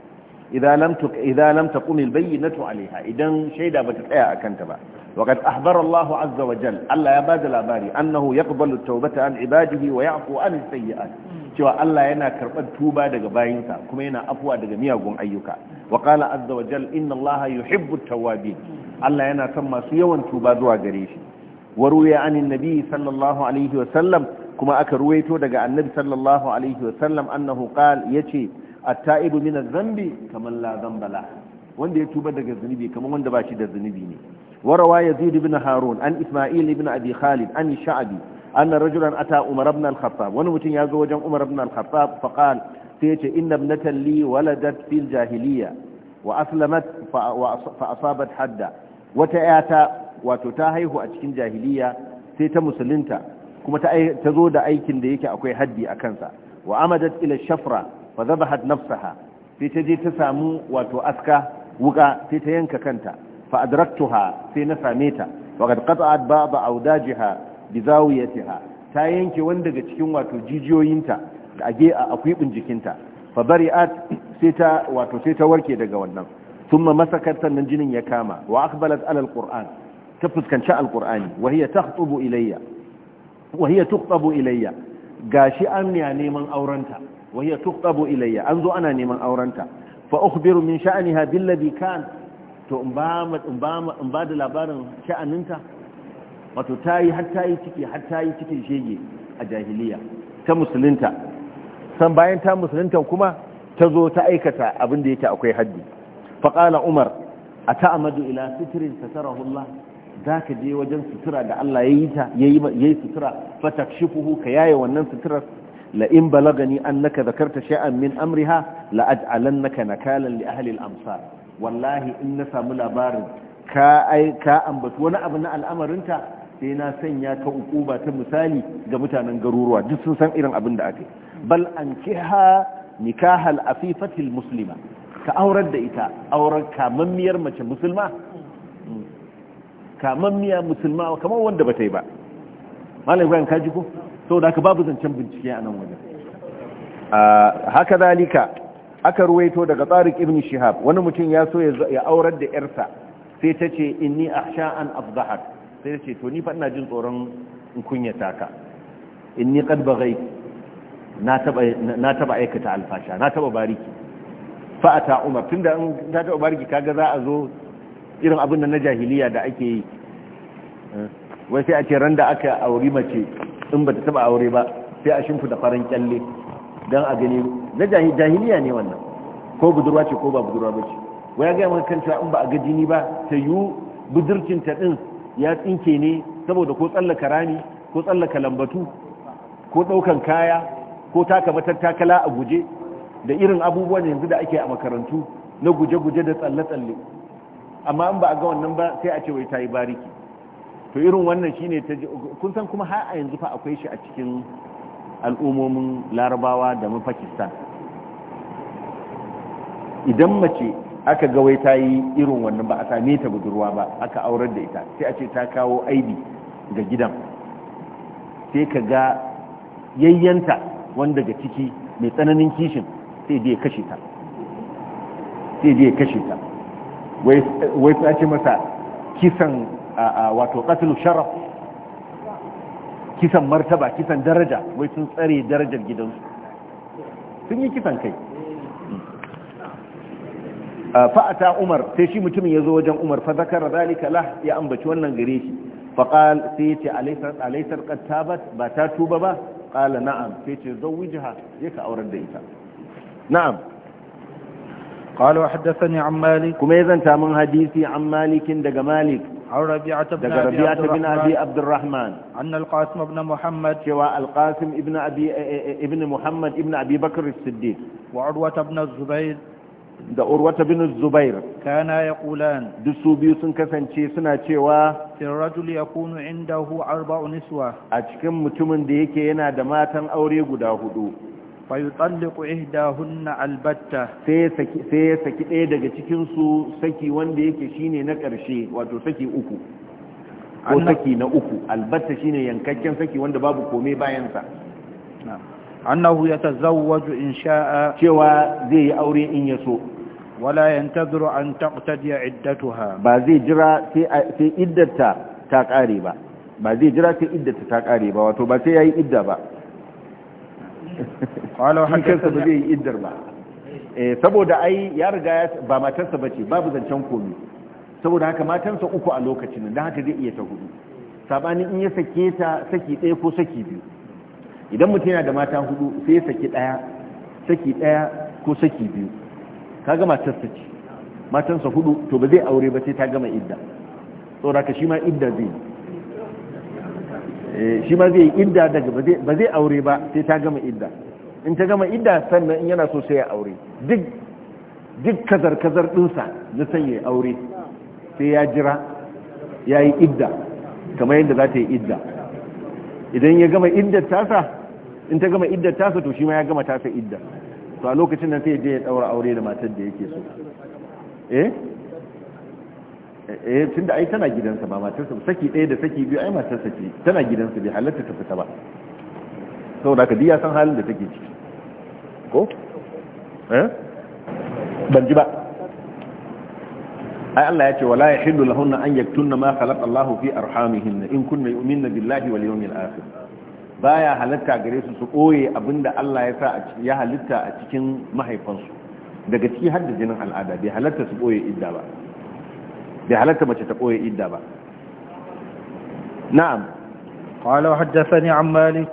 idza lam tu idza lam taqum al-bayyinatu alaiha idan shaida bata tsaya akan ta ba waqad ahbara Allahu azza wa jalla Allah ya bada labari annahu yaqbalu at-taubata an ibadihi wa ya'fu an as-sayyi'at cewa Allah yana karɓar tuba daga bayinsa kuma yana afuwa daga miyagun ayyuka wa qala azza wa jalla inna Allaha yuhibbu at-tawwabin Allah yana son masu yawan tuba zuwa gare shi wa ruya anin nabi sallallahu alaihi wa sallam kuma aka ruwaito daga annabi sallallahu alaihi wasallam annahu qal yace at-ta'ibu min adh-dhanbi kaman la dhanba wanda ya tuba daga zunubi kaman wanda ba shi da zunubi ne wa rawa yazid ibn harun an isma'il ibn abi khalid an sha'bi anna rajulan ata umar ibn al-khattab wani mutum ya zo wajen umar ibn al-khattab fa qal sai yace inna ibnatan li waladat fil jahiliya wa aslamat fa asabat hadda wata yata wato ta haihu a cikin jahiliya sai ta musulunta kuma ta zo da aikin da yake akwai haddi a kansa wa amadat ila shafra fa zabahat nafsaha sai ta je ta samu wato aska wuka sai ta yanka kanta fa adraktuha sai na same ta wa qad qata'at ba'd awdajiha bi zawiyatiha ta yanke wanda daga cikin wato jijiyoyinta da age a akwibin jikinta fa bari'at sai ta wato sai ta warke daga wannan thumma masakat sannan jinin ya kama wa aqbalat ala alquran ta fuskanci alqurani wa hiya takhtubu ilayya wa hiya tuqtabu ilayya gashi an ya neman aurenta wahiyya tuqtabu ilayya an zo ana neman aurenta fa ukhbiru min sha'niha billadhi kan to in ba in ba in ba da labarin sha'aninta wato tayi har tayi ciki har tayi cikin shege a jahiliya ta musulunta san bayan ta musulunta kuma ta zo ta aikata abin da yake akwai haddi fa qala umar ata'amadu ila sitrin satarahu Allah za ka je wajen sutura da Allah ya yi ta ya yi sutura fatak shifuhu ka yaye wannan suturar la'in balagani an naka zakarta sha'an min amriha la'aj'alan naka nakalan li ahli al-amsar wallahi in na samu labarin ka ai ka ambatu wani abu na al'amarinta sai na sanya ka ukuba ta misali ga mutanen garuruwa duk sun san irin abin da ake. bal an kiha nikahal afifati muslima ka aurar da ita aurar kamammiyar mace musulma miya musulma kamar wanda ba ta yi ba malam ibrahim kaji ko da haka babu zancen bincike a nan wajen haka zalika aka ruwaito daga tsarik ibn shihab wani mutum ya so ya aurar da yarsa sai ta ce inni a sha'an afdahak sai ta ce to ni fa jin tsoron kunya kunyata ka inni qad baghayt na taba aikata alfasha na taba bariki fa'ata umar tun da ta taba bariki kaga za a zo irin abin da na jahiliya da ake yi wai sai a ce ran da aka auri mace in ba ta taba aure ba sai a shimfu da farin kyalle don a gani na jahiliya ne wannan ko budurwa ce ko ba budurwa ba ce wai gaya mai kan cewa in ba a ga jini ba ta yi budurcin ta din ya tsinke ne saboda ko tsallaka rani ko tsallaka lambatu ko daukan kaya ko taka matattakala a guje da irin abubuwan yanzu da ake a makarantu na guje-guje da tsalle-tsalle amma in ba a ga wannan ba sai a ce wai ta yi bariki to irin wannan shine ta kun san kuma har a yanzu fa akwai shi a cikin al'ummomin larabawa da mu pakistan idan mace aka ga wai ta yi irin wannan ba a same ta budurwa ba aka aurar da ita sai a ce ta kawo aibi ga gidan sai ka ga yayyanta wanda ga ciki mai tsananin kishin sai je kashe ta sai je kashe ta wai ta ce masa kisan wato qatlu sharaf kisan martaba kisan daraja wai sun tsare darajar gidansu sun yi kisan kai fa'ata umar sai shi mutumin ya zo wajen umar fa zakara zalika ya ambaci wannan gare shi faƙal sai ce alaysar alaysar ba ta tuba ba ƙala na'am sai ce yace wujiha yaka aurar da ita na'am قال وحدثني عن مالك كما يزن من حديثي عن مالك دق مالك عن ربيعة بن, أبي, ربيعة عبد بن أبي عبد الرحمن أن القاسم بن محمد شواء القاسم ابن أبي ابن محمد ابن أبي بكر الصديق وعروة بن الزبير da urwata bin zubair kana ya kulan duk su biyu sun kasance suna cewa sirrajul ya kunu inda hu arba'u niswa a cikin mutumin da yake yana da matan aure guda hudu fa yutalliqu ihdahunna albatta sai sai saki ɗaya daga cikin su saki wanda yake shine na ƙarshe wato saki uku ko saki na uku albatta shine yankakken saki wanda babu kome bayan sa annahu yatazawwaju in sha'a cewa zai yi aure in yaso wala yantazuru an taqtadi iddatuha ba zai jira sai iddarta ta kare ba ba zai jira sai iddarta ta kare ba wato ba sai yayi idda ba shi kansa ba zai yi iddar ba eh, saboda ai ya riga ba matarsa ba ce babu zancen komi saboda haka matansa uku a lokacin da haka zai iya ta hudu sabanin in ya sake ta saki ɗaya ko saki biyu idan mutum yana da mata hudu sai ya saki ɗaya saki ɗaya ko saki biyu ka ga matarsa ce matansa hudu to ba zai aure ba sai ta gama idda saboda haka shi ma idda zai yi eh, shi ma zai yi idda daga ba zai aure ba sai ta gama idda in ta gama idda sannan in yana so sai ya aure duk duk kazar-kazar ɗinsa na sanya aure sai ya jira ya yi idda kamar yadda za ta yi idda idan ya gama iddar tasa in ta gama iddar tasa to shi ma ya gama tasa idda to a lokacin nan sai ya daura aure da matar da yake so eh eh tunda ai tana gidansa ba matarsa saki ɗaya da saki biyu ai matarsa ce tana gidansa bai halatta ta fita ba saboda ka diya san halin da take ciki ko eh? ban ji ba ai Allah ya ce wala yahillu lahunna an yaktunna ma khalaqa Allahu fi arhamihinna in kunna yu'minna billahi wal yawmil akhir baya halatta gare su su koye abinda Allah ya sa ya halitta a cikin mahaifansu daga ciki har da jinin al'ada bai halatta su koye idda ba bai halatta mace ta koye idda ba na'am qala haddathani an malik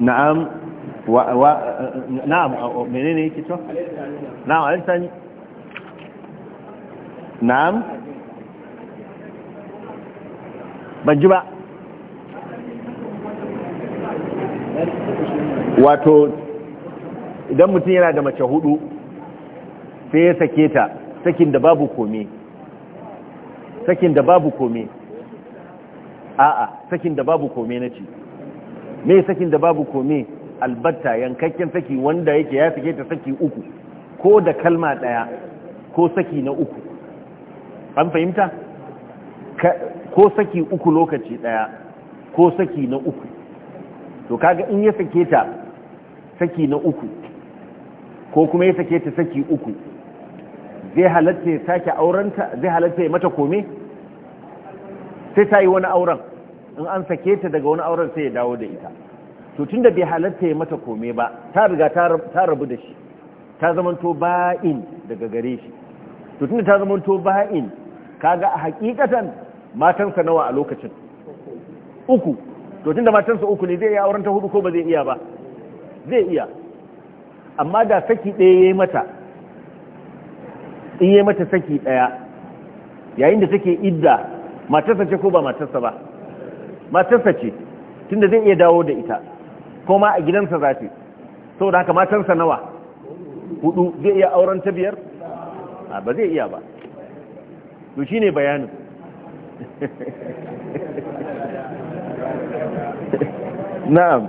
na'am wa na'am menene yake to na'am alisani na'am ban ji ba wato idan mutum yana da mace hudu sai ya sake ta sakin da babu kome sakin da babu kome a'a sakin da babu kome na ce me sakin da babu kome albatta yankakken saki wanda yake ya sake ta saki uku ko da kalma ɗaya ko saki na uku an fahimta ko saki uku lokaci ɗaya ko saki na uku to kaga in ya sake ta saki na uku ko kuma ya sake ta saki uku zai halatta ya sake aurenta zai halatta ya mata kome sai ta yi wani auren in an sake ta daga wani auren sai ya dawo da ita to tunda bai halatta ya mata kome ba ta riga ta rabu da shi ta zamanto ba'in daga gare shi to tunda ta zamanto ba'in kaga a hakikatan matansa nawa a lokacin uku to tunda matansa uku ne zai iya auren ta hudu ko ba zai iya ba zai iya amma da saki ɗaya ya yi mata in yi mata saki ɗaya yayin da take idda matarsa ce ko ba matarsa ba matarsa ce tunda zai iya dawo da ita ko ma a gidansa za sau saboda haka matansa nawa hudu zai iya auren ta biyar ba zai iya ba to shi ne bayanin na'am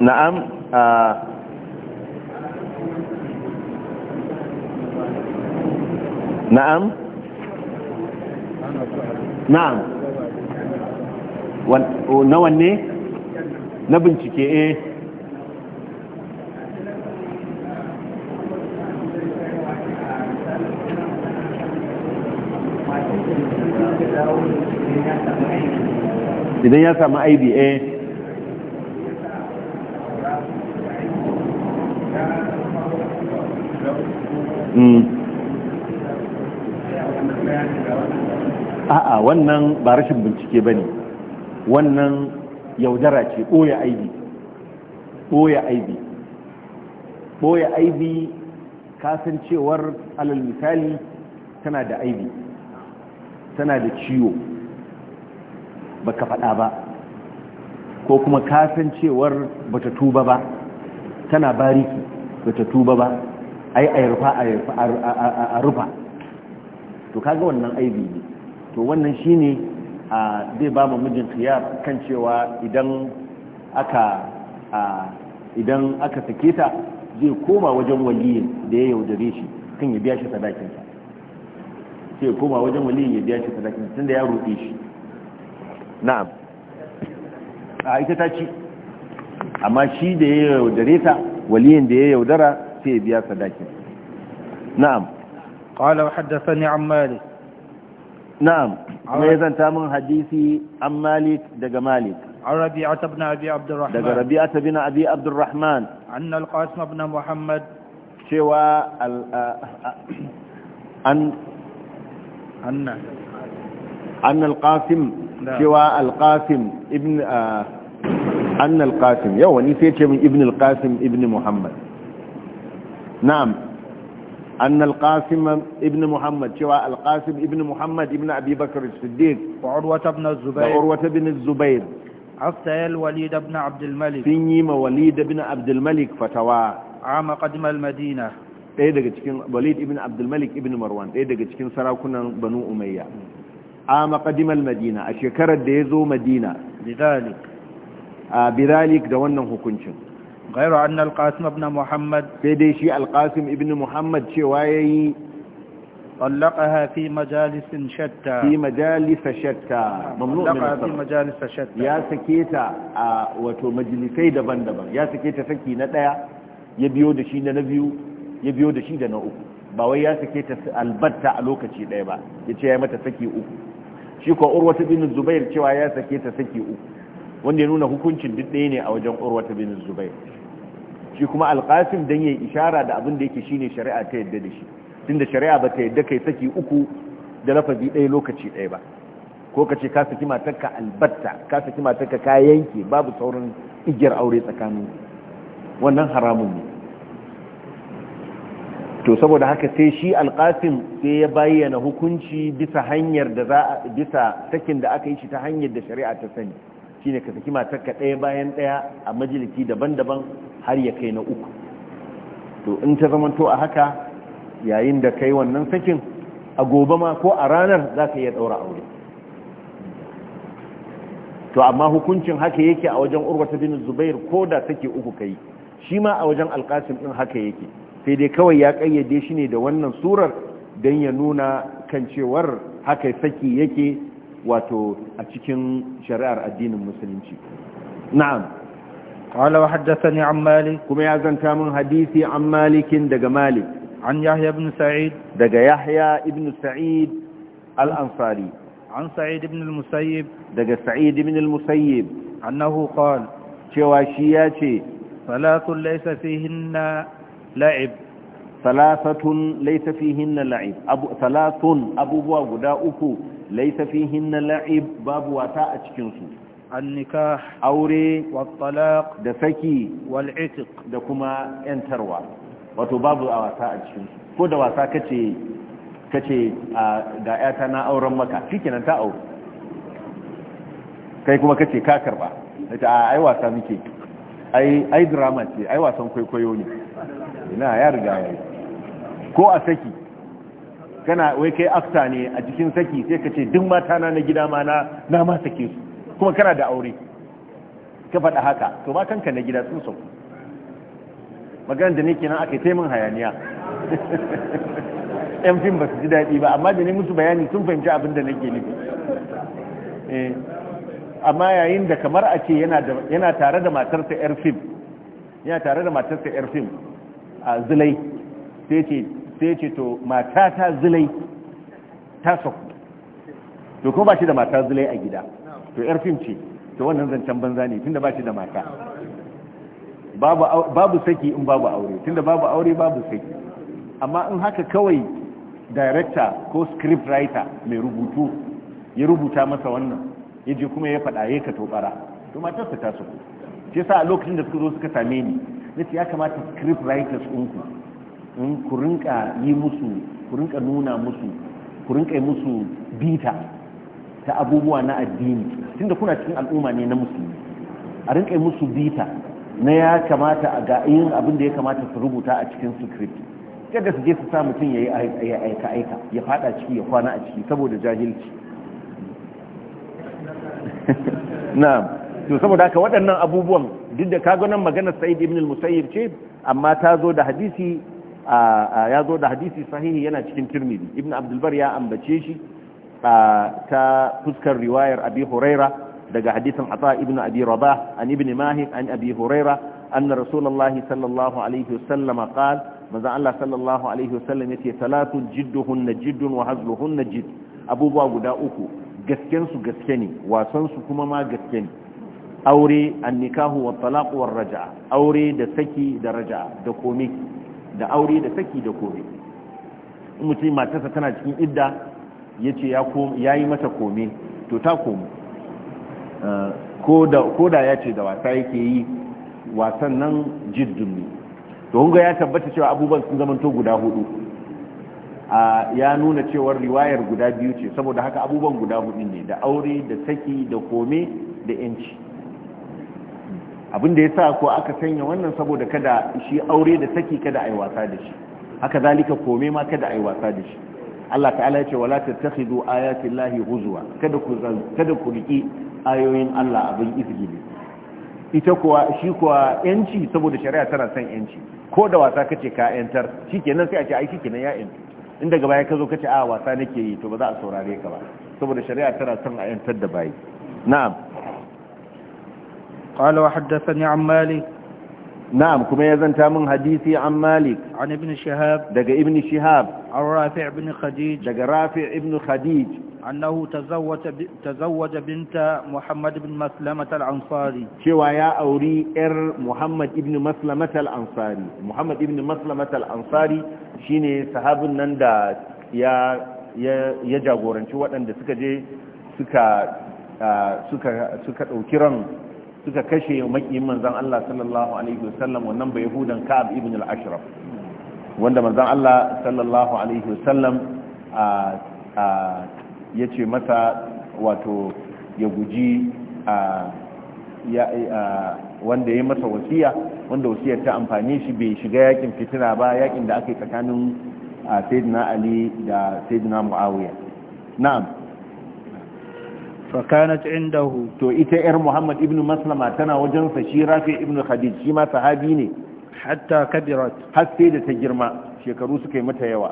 na'am a na'am na'am na wanne na bincike eh idan ya samu iba eh hmm. a'a wannan ba rashin bincike ba ne wannan yaudara ce ɓoye aibi ɓoye aibi ɓoye aibi kasancewar alal misali tana da aibi tana da ciwo baka faɗa ba ko kuma kasancewar ta tuba ba tana bariki bata tuba ba ai a rufa a rufa to kaga wannan aibi ne to wannan shine zai ba mu mijin khiyar kan cewa idan aka idan aka sake ta zai koma wajen waliyin da ya yaudare shi kan ya biya shi sadakinsa sai koma wajen waliyin ya biya shi sadakinsa tun da ya roƙe shi na'am a ita ta ci amma shi da ya yaudare ta waliyin da ya yaudara sai ya biya sadakin na'am قال وحدثني عن مالك نعم ميزا تامن حديثي عن مالك دق مالك عن ربيعة بن أبي عبد الرحمن دق ربيعة بن أبي عبد الرحمن عن القاسم بن محمد شوى أن أن أن القاسم شوى القاسم ابن أن القاسم يو نسيت من ابن القاسم ابن محمد نعم أن القاسم ابن محمد شواء القاسم ابن محمد ابن أبي بكر الصديق وعروة بن الزبير وعروة بن الزبير عفتيل وليد بن عبد الملك سنيم وليد بن عبد الملك فتوى عام قدم المدينة ɗaya daga cikin walid ibn abdulmalik ibn marwan ɗaya daga cikin sarakunan banu umayya a makadimal madina a shekarar da ya zo madina bidalik da wannan hukuncin غير أن القاسم بن محمد سيدي شيء القاسم ابن محمد شوايه طلقها في مجالس شتى في مجالس شتى ممنوع من الطلق في مجالس شتى يا سكيتا وتو مجلسي دبن دبن يا سكيتا سكي ندايا يبيو دشي نبيو يبيو دشي دنا uku ba wai ya sake ta albatta a lokaci ɗaya ba ya ce ya mata saki uku shi ko urwata bin zubair cewa ya sake ta saki uku wanda ya nuna hukuncin duk ɗaya ne a wajen urwata bin zubair shi kuma alƙasim don yayi ishara da abin da yake shine shari'a ta yadda da shi tunda shari'a ba ta yadda kai saki uku da lafazi ɗaya lokaci ɗaya ba ko ka ce ka saki matarka albatta ka saki matarka ka yanke babu sauran igiyar aure tsakanin wannan haramun ne to saboda haka sai shi alƙasim sai ya bayyana hukunci bisa hanyar da za bisa sakin da aka yi shi ta hanyar da shari'a ta sani shine ka saki ka ɗaya bayan ɗaya a majalisi daban-daban har ya kai na uku to in ta zamanto a haka yayin da kai wannan sakin a gobe ma ko a ranar za ka iya ɗaura aure to amma hukuncin haka yake a wajen urwata dinin zubair ko da sake uku kai shi ma a wajen alkasim ɗin haka yake sai dai kawai ya ƙayyade shi ne da wannan surar don ya nuna kan cewar haka saki yake wato a cikin shari'ar addinin musulunci na'am qala wa haddathani an malik kuma ya zanta min hadisi an malikin daga malik an yahya ibn sa'id daga yahya ibn sa'id al-ansari an sa'id ibn al daga sa'id ibn al annahu qala cewa shi ya ce salatun laysa fihinna la'ib salasatun laysa fihinna la'ib abu abubuwa guda uku laisa na la'ib babu wata a cikinsu. annika aure wat talaq da saki wal itiq da kuma yantarwa wato babu a wata a cikinsu. ko da wasa kace kace ga yata na auren maka cikinan ta aure kai kuma kace ka karba ita ai wasa muke ai ai drama ce ai wasan kwaikwayo ne ina ya riga ko a saki kana wai kai afta ne a cikin saki sai ka ce duk mata na gida ma na na ma sake su kuma kana da aure ka faɗa haka to ma kanka na gida sun sauku magana da ne nan aka yi taimin hayaniya yan fim ba su ji daɗi ba amma da ne musu bayani sun fahimci abin da nake nufi eh, amma yayin da kamar a ce yana tare da matarsa yar fim yana tare da matarsa yar fim a zulai sai ce sai ce to mata ta zulai ta saku to kuma ba shi da mata zulai a gida to yar fim ce to wannan zancen banza ne tunda ba shi da mata babu saki in babu aure tunda babu aure babu saki amma in haka kawai director ko script writer mai rubutu ya rubuta masa wannan ya je kuma ya faɗa ya ka tobara to matarsa ta saku shi yasa a lokacin da suka zo suka same ni ya kamata script writers ɗinku ku rinka yi musu ku rinka nuna musu ku rinka yi musu bita ta abubuwa na addini tunda kuna cikin al'umma ne na musulmi a rinka yi musu bita na ya kamata a ga yin abin da ya kamata su rubuta a cikin script kada su je su sa mutum ya yi aika aika ya fada ciki ya kwana a ciki saboda jahilci na to saboda haka waɗannan abubuwan duk da kaga nan maganar Sa'id ibn al-Musayyib ce amma ta zo da hadisi ya zo da hadisi sahihi yana cikin tirmidhi ibn abdulbar ya ambace shi ta fuskar riwayar abi huraira daga hadisin ata ibn abi rabah an ibn mahik an abi huraira anna rasulullahi sallallahu alaihi wasallam qal maza Allah sallallahu alaihi wasallam yace salatu jidduhunna jiddun wa hazluhunna jidd abubuwa guda uku gasken su gaske ne wasan su kuma ma gaske ne aure annikahu wat talaq war raj'a aure da saki da raj'a da komai da aure da saki da kome in mutum matarsa tana cikin idda ya ce ya yi mata kome to ta komu uh, ko da ya ce da wasa yake yi wasan nan jiddun ne to hunga ya tabbata cewa abubuwan sun zamanto guda hudu ya nuna cewar riwayar guda biyu ce saboda haka abubuwan guda hudu ne da aure da saki da kome da yanci abin da ya sa ko aka sanya wannan saboda kada shi aure da saki kada a yi wasa da shi haka zalika kome ma kada a yi wasa da shi Allah ta'ala ya ce wala tattakhidu ayati llahi huzwa kada ku kada ku riki ayoyin Allah abin izgili ita kuwa shi kuwa yanci saboda shari'a tana son yanci ko da wasa kace ka yantar shikenan sai a ce ai shikenan ya yanci in daga baya ka zo kace a wasa nake yi to ba za a saurare ka ba saboda shari'a tana son a yantar da bayi na'am قال وحدثني عن مالك نعم كما يزنت من حديثي عن مالك عن ابن شهاب دقى ابن شهاب عن رافع بن خديج دقى رافع ابن خديج أنه تزوج ب... تزوج بنت محمد بن مسلمة الأنصاري شوى يا أوري إر محمد ابن مسلمة الأنصاري محمد ابن مسلمة الأنصاري شيني صحاب نندا يا يا يا جاغورن شو وقت عند سكا جي سكا آه سكا سكا أو كيران suka kashe makiyin manzan Allah sallallahu alaihi wasallam wannan bai hudan Ka'ab ibn al-Ashraf wanda manzan Allah sallallahu alaihi wasallam ya ce masa wato ya guji wanda ya masa wasiya wanda wasiyar ta amfani shi bai shiga yakin fitina ba yakin da aka yi tsakanin sayyidina Ali da sayyidina Muawiya na'am fakanat indahu to ita yar muhammad ibn maslama tana wajensa shi rafi ibn khadij shi ma sahabi ne hatta kabirat har sai da ta girma shekaru suka yi mata yawa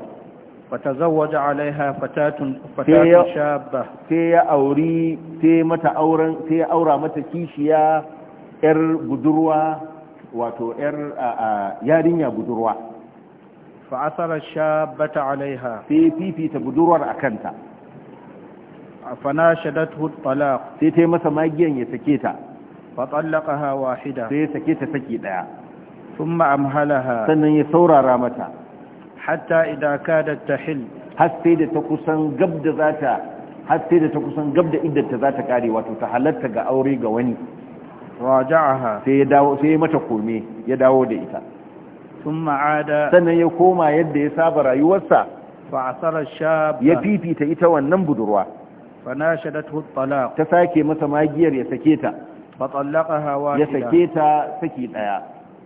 fatazawwaja alaiha fatatun fatatun shabba sai ya auri sai mata auren sai ya aura mata kishiya yar budurwa wato yar yarinya budurwa fa asara shabbata alaiha sai fifita budurwar akanta fana shadathu talaq sai ta masa magiyan ya sake ta fa talaqaha wahida sai ya sake ta saki daya thumma amhalaha sannan ya saurara mata hatta idza kadat tahil har sai da ta kusan gab da zata har sai da ta kusan gab da ta zata kare wato ta halatta ga aure ga wani raja'aha sai ya dawo sai ya mata kome ya dawo da ita thumma ada sannan ya koma yadda ya saba rayuwarsa fa asara shab ya fifita ita wannan budurwa fanashadatu at-talaq ta sake masa magiyar ya sake ta fa talaqaha wahida ya sake ta saki daya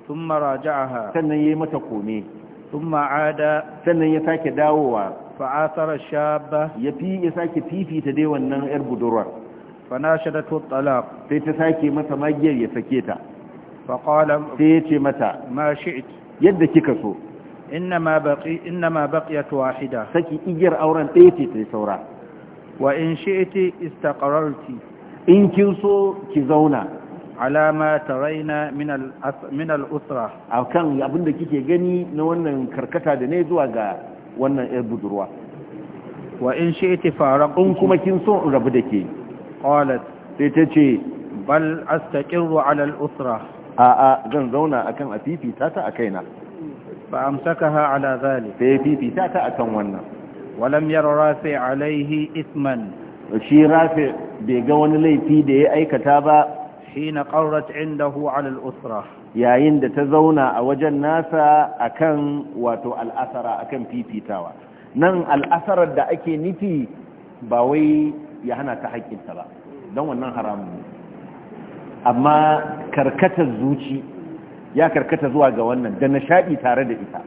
thumma raja'aha sannan yayi mata kome thumma ada sannan ya sake dawowa fa athara shabba ya fi ya sake fifita dai wannan yar budurwar fanashadatu at-talaq sai ta sake masa magiyar ya sake ta sai ce mata yadda kika so innama saki igiyar auren ɗaya ce ta saura wa in shi'ti istaqararti in kin so ki zauna alama taraina min al-usra akan abinda kike gani na wannan karkata da ne zuwa ga wannan yar budurwa wa in shi'ti faraqun kuma kin so in rabu dake qalat sai tace bal astaqiru ala al-usra a a zan zauna akan afifi ta ta akaina fa amsakaha ala zalik sai fifita ta akan wannan walam yar rafi alaihi isman shi bai ga wani laifi da ya aikata ba Shi qarrat indahu ala al-usra yayin da ta zauna a wajen nasa akan wato al'asara akan fifitawa nan al'asarar da ake nufi ba wai ya hana ta haƙƙinta ba don wannan haramun ne amma karkatar zuci ya karkata zuwa ga wannan da nishaɗi tare da ita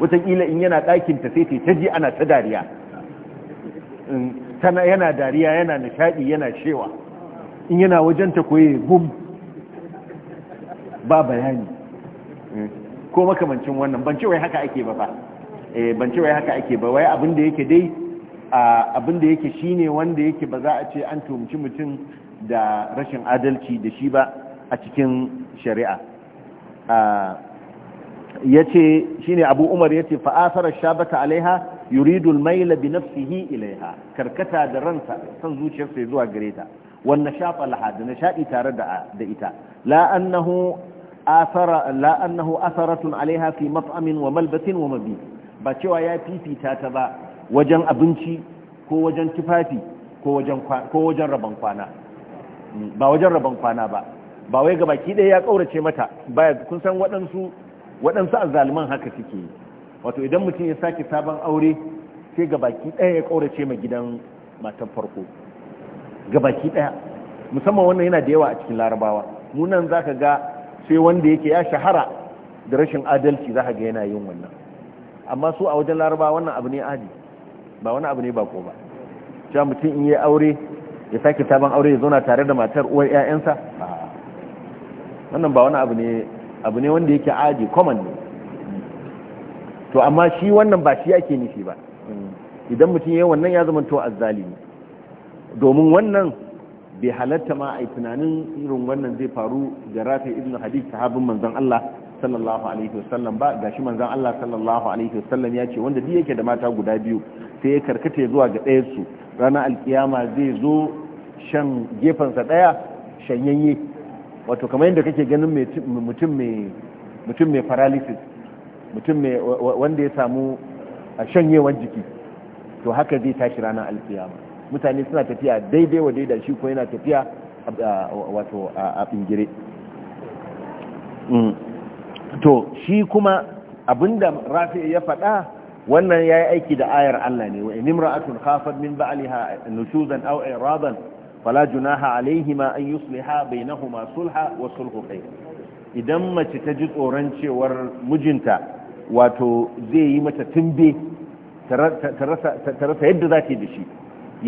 wataƙila in yana ɗakinta sai ta ji ana ta dariya tana yana dariya yana nishaɗi yana shewa in yana wajenta koye gum ba bayani ko makamancin wannan ban ce wai haka ake ba fa eh, ban ce wai haka ake ba wai abin da yake dai abin da yake ne wanda yake ba za a ce an tumci mutum da rashin adalci da shi ba a cikin shari'a yace shine abu umar yace fa asara shabata alaiha yuridu maila bi nafsihi ilaiha karkata da ransa san zuciyarsa zuwa gare ta wannan shafa na shadi tare da da ita la asaratun alaiha fi mat'amin wa malbasin wa mabi ba cewa ya fifita ta ba wajen abinci ko wajen tufafi ko wajen rabon kwana hmm, ba wajen rabon kwana ba ba wai gabaki ɗaya ya ƙaurace mata baya kun san waɗansu waɗansu azzaliman haka suke yi wato idan mutum ya sake sabon aure sai ga baki ɗaya ya ƙaurace ma gidan matan farko ga baki ɗaya musamman wannan yana da yawa a cikin larabawa munan za ka ga sai wanda yake ya shahara da rashin adalci za ka ga yana yin wannan amma su a wajen larabawa wannan abu ne adi ba wani abu ne ba ko ba cewa mutum in yi aure ya sake sabon aure ya zauna tare da matar uwar 'ya'yansa wannan ba wani abu ne abu ne wanda yake aji common ne to amma shi wannan ba shi ake nufi ba idan mutum ya yi wannan ya zama to azzalimi domin wannan bai halatta ma a tunanin irin wannan zai faru da rafi ibn hadith sahabin manzon Allah sallallahu alaihi wasallam ba gashi manzon Allah sallallahu alaihi wasallam ya ce wanda duk yake da mata guda biyu sai ya karkata zuwa ga ɗayarsu su ranar alkiyama zai zo shan gefansa ɗaya shanyanye wato kamar yadda kake ganin mutum mai paralysis mutum mai wanda ya samu a shanyewar jiki to haka zai tashi ranar alfiyama mutane suna tafiya daidai wa daidai shi ko yana tafiya wato a bingire mm. to shi kuma abinda rafi ya faɗa wannan ya yi aiki da ayar Allah ne wa inimra'atun khafat min ba'aliha nushuzan aw iradan fala junaha alaihima an yusliha bainahuma sulha wa sulhu khair idan mace ta ji tsoron cewar mijinta wato zai yi mata tumbe ta rasa yadda za ta yi da shi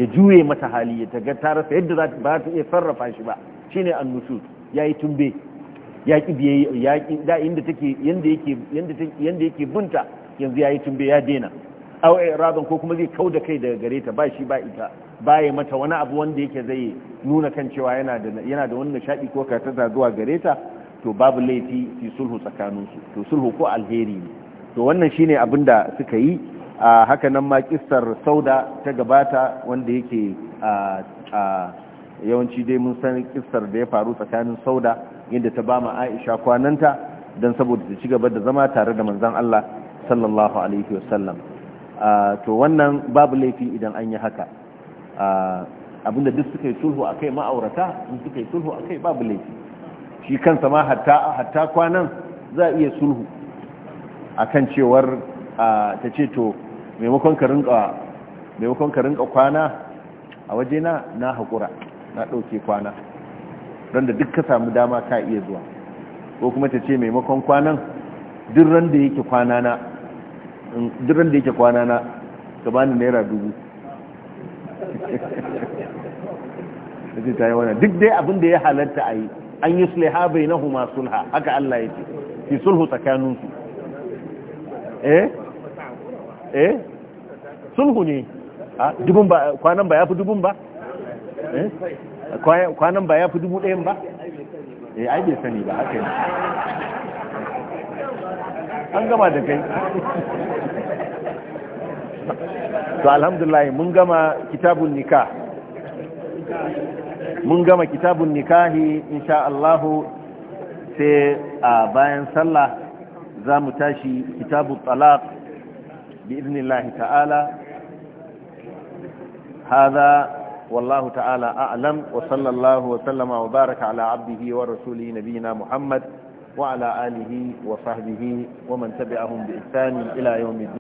ya juye mata hali ya taga ta rasa yadda za ta ba ta iya sarrafa shi ba shine annusu ya yi tumbe ya ki biye ya ki da inda take yanda yake yanda take yanda yake bunta yanzu ya yi tumbe ya dena au iradan ko kuma zai kauda kai daga gare ta ba shi ba ita baya mata wani abu wanda yake zai nuna kan cewa yana da yana da wani nishaɗi ko karkata zuwa gare ta to babu laifi fi sulhu tsakaninsu to sulhu ko alheri ne to wannan shine abin da suka yi a haka nan ma kissar sauda ta gabata wanda yake a yawanci dai mun san kissar da ya faru tsakanin sauda yadda ta ba ma aisha kwananta don saboda ta ci gaba da zama tare da manzon Allah sallallahu alaihi wasallam to wannan babu laifi idan an yi haka abinda duk suka yi sulhu a kai ma'aurata in suka yi sulhu a kai babu laifi shi kansa ma hatta kwanan za a iya sulhu a kan cewar ta ce to maimakon ka rinka kwana a waje na na haƙura na ɗauke kwana don da duk ka samu dama ka iya zuwa ko kuma ta ce maimakon kwanan duk randa da yake kwanana ka bani naira dubu yace ta yi wannan duk dai abin da ya halatta a yi an yi sulha bai na huma sulha haka Allah ya ce fi sulhu tsakaninsu eh eh sulhu ne dubun ba kwanan ba ya fi dubun ba eh kwanan ba ya fi dubu ɗayan ba eh ai bai sani ba haka yi an gama da kai to alhamdulillah mun gama kitabun nikah mun gama kitabun nikahi insha Allah sai a bayan sallah za mu tashi kitabun talaq bi idnillahi ta'ala hada wallahu ta'ala a'lam wa sallallahu wa sallama wa baraka ala abdihi wa rasulihi nabiyina Muhammad wa ala alihi wa sahbihi a man tabi'ahum bi ihsan ila yawm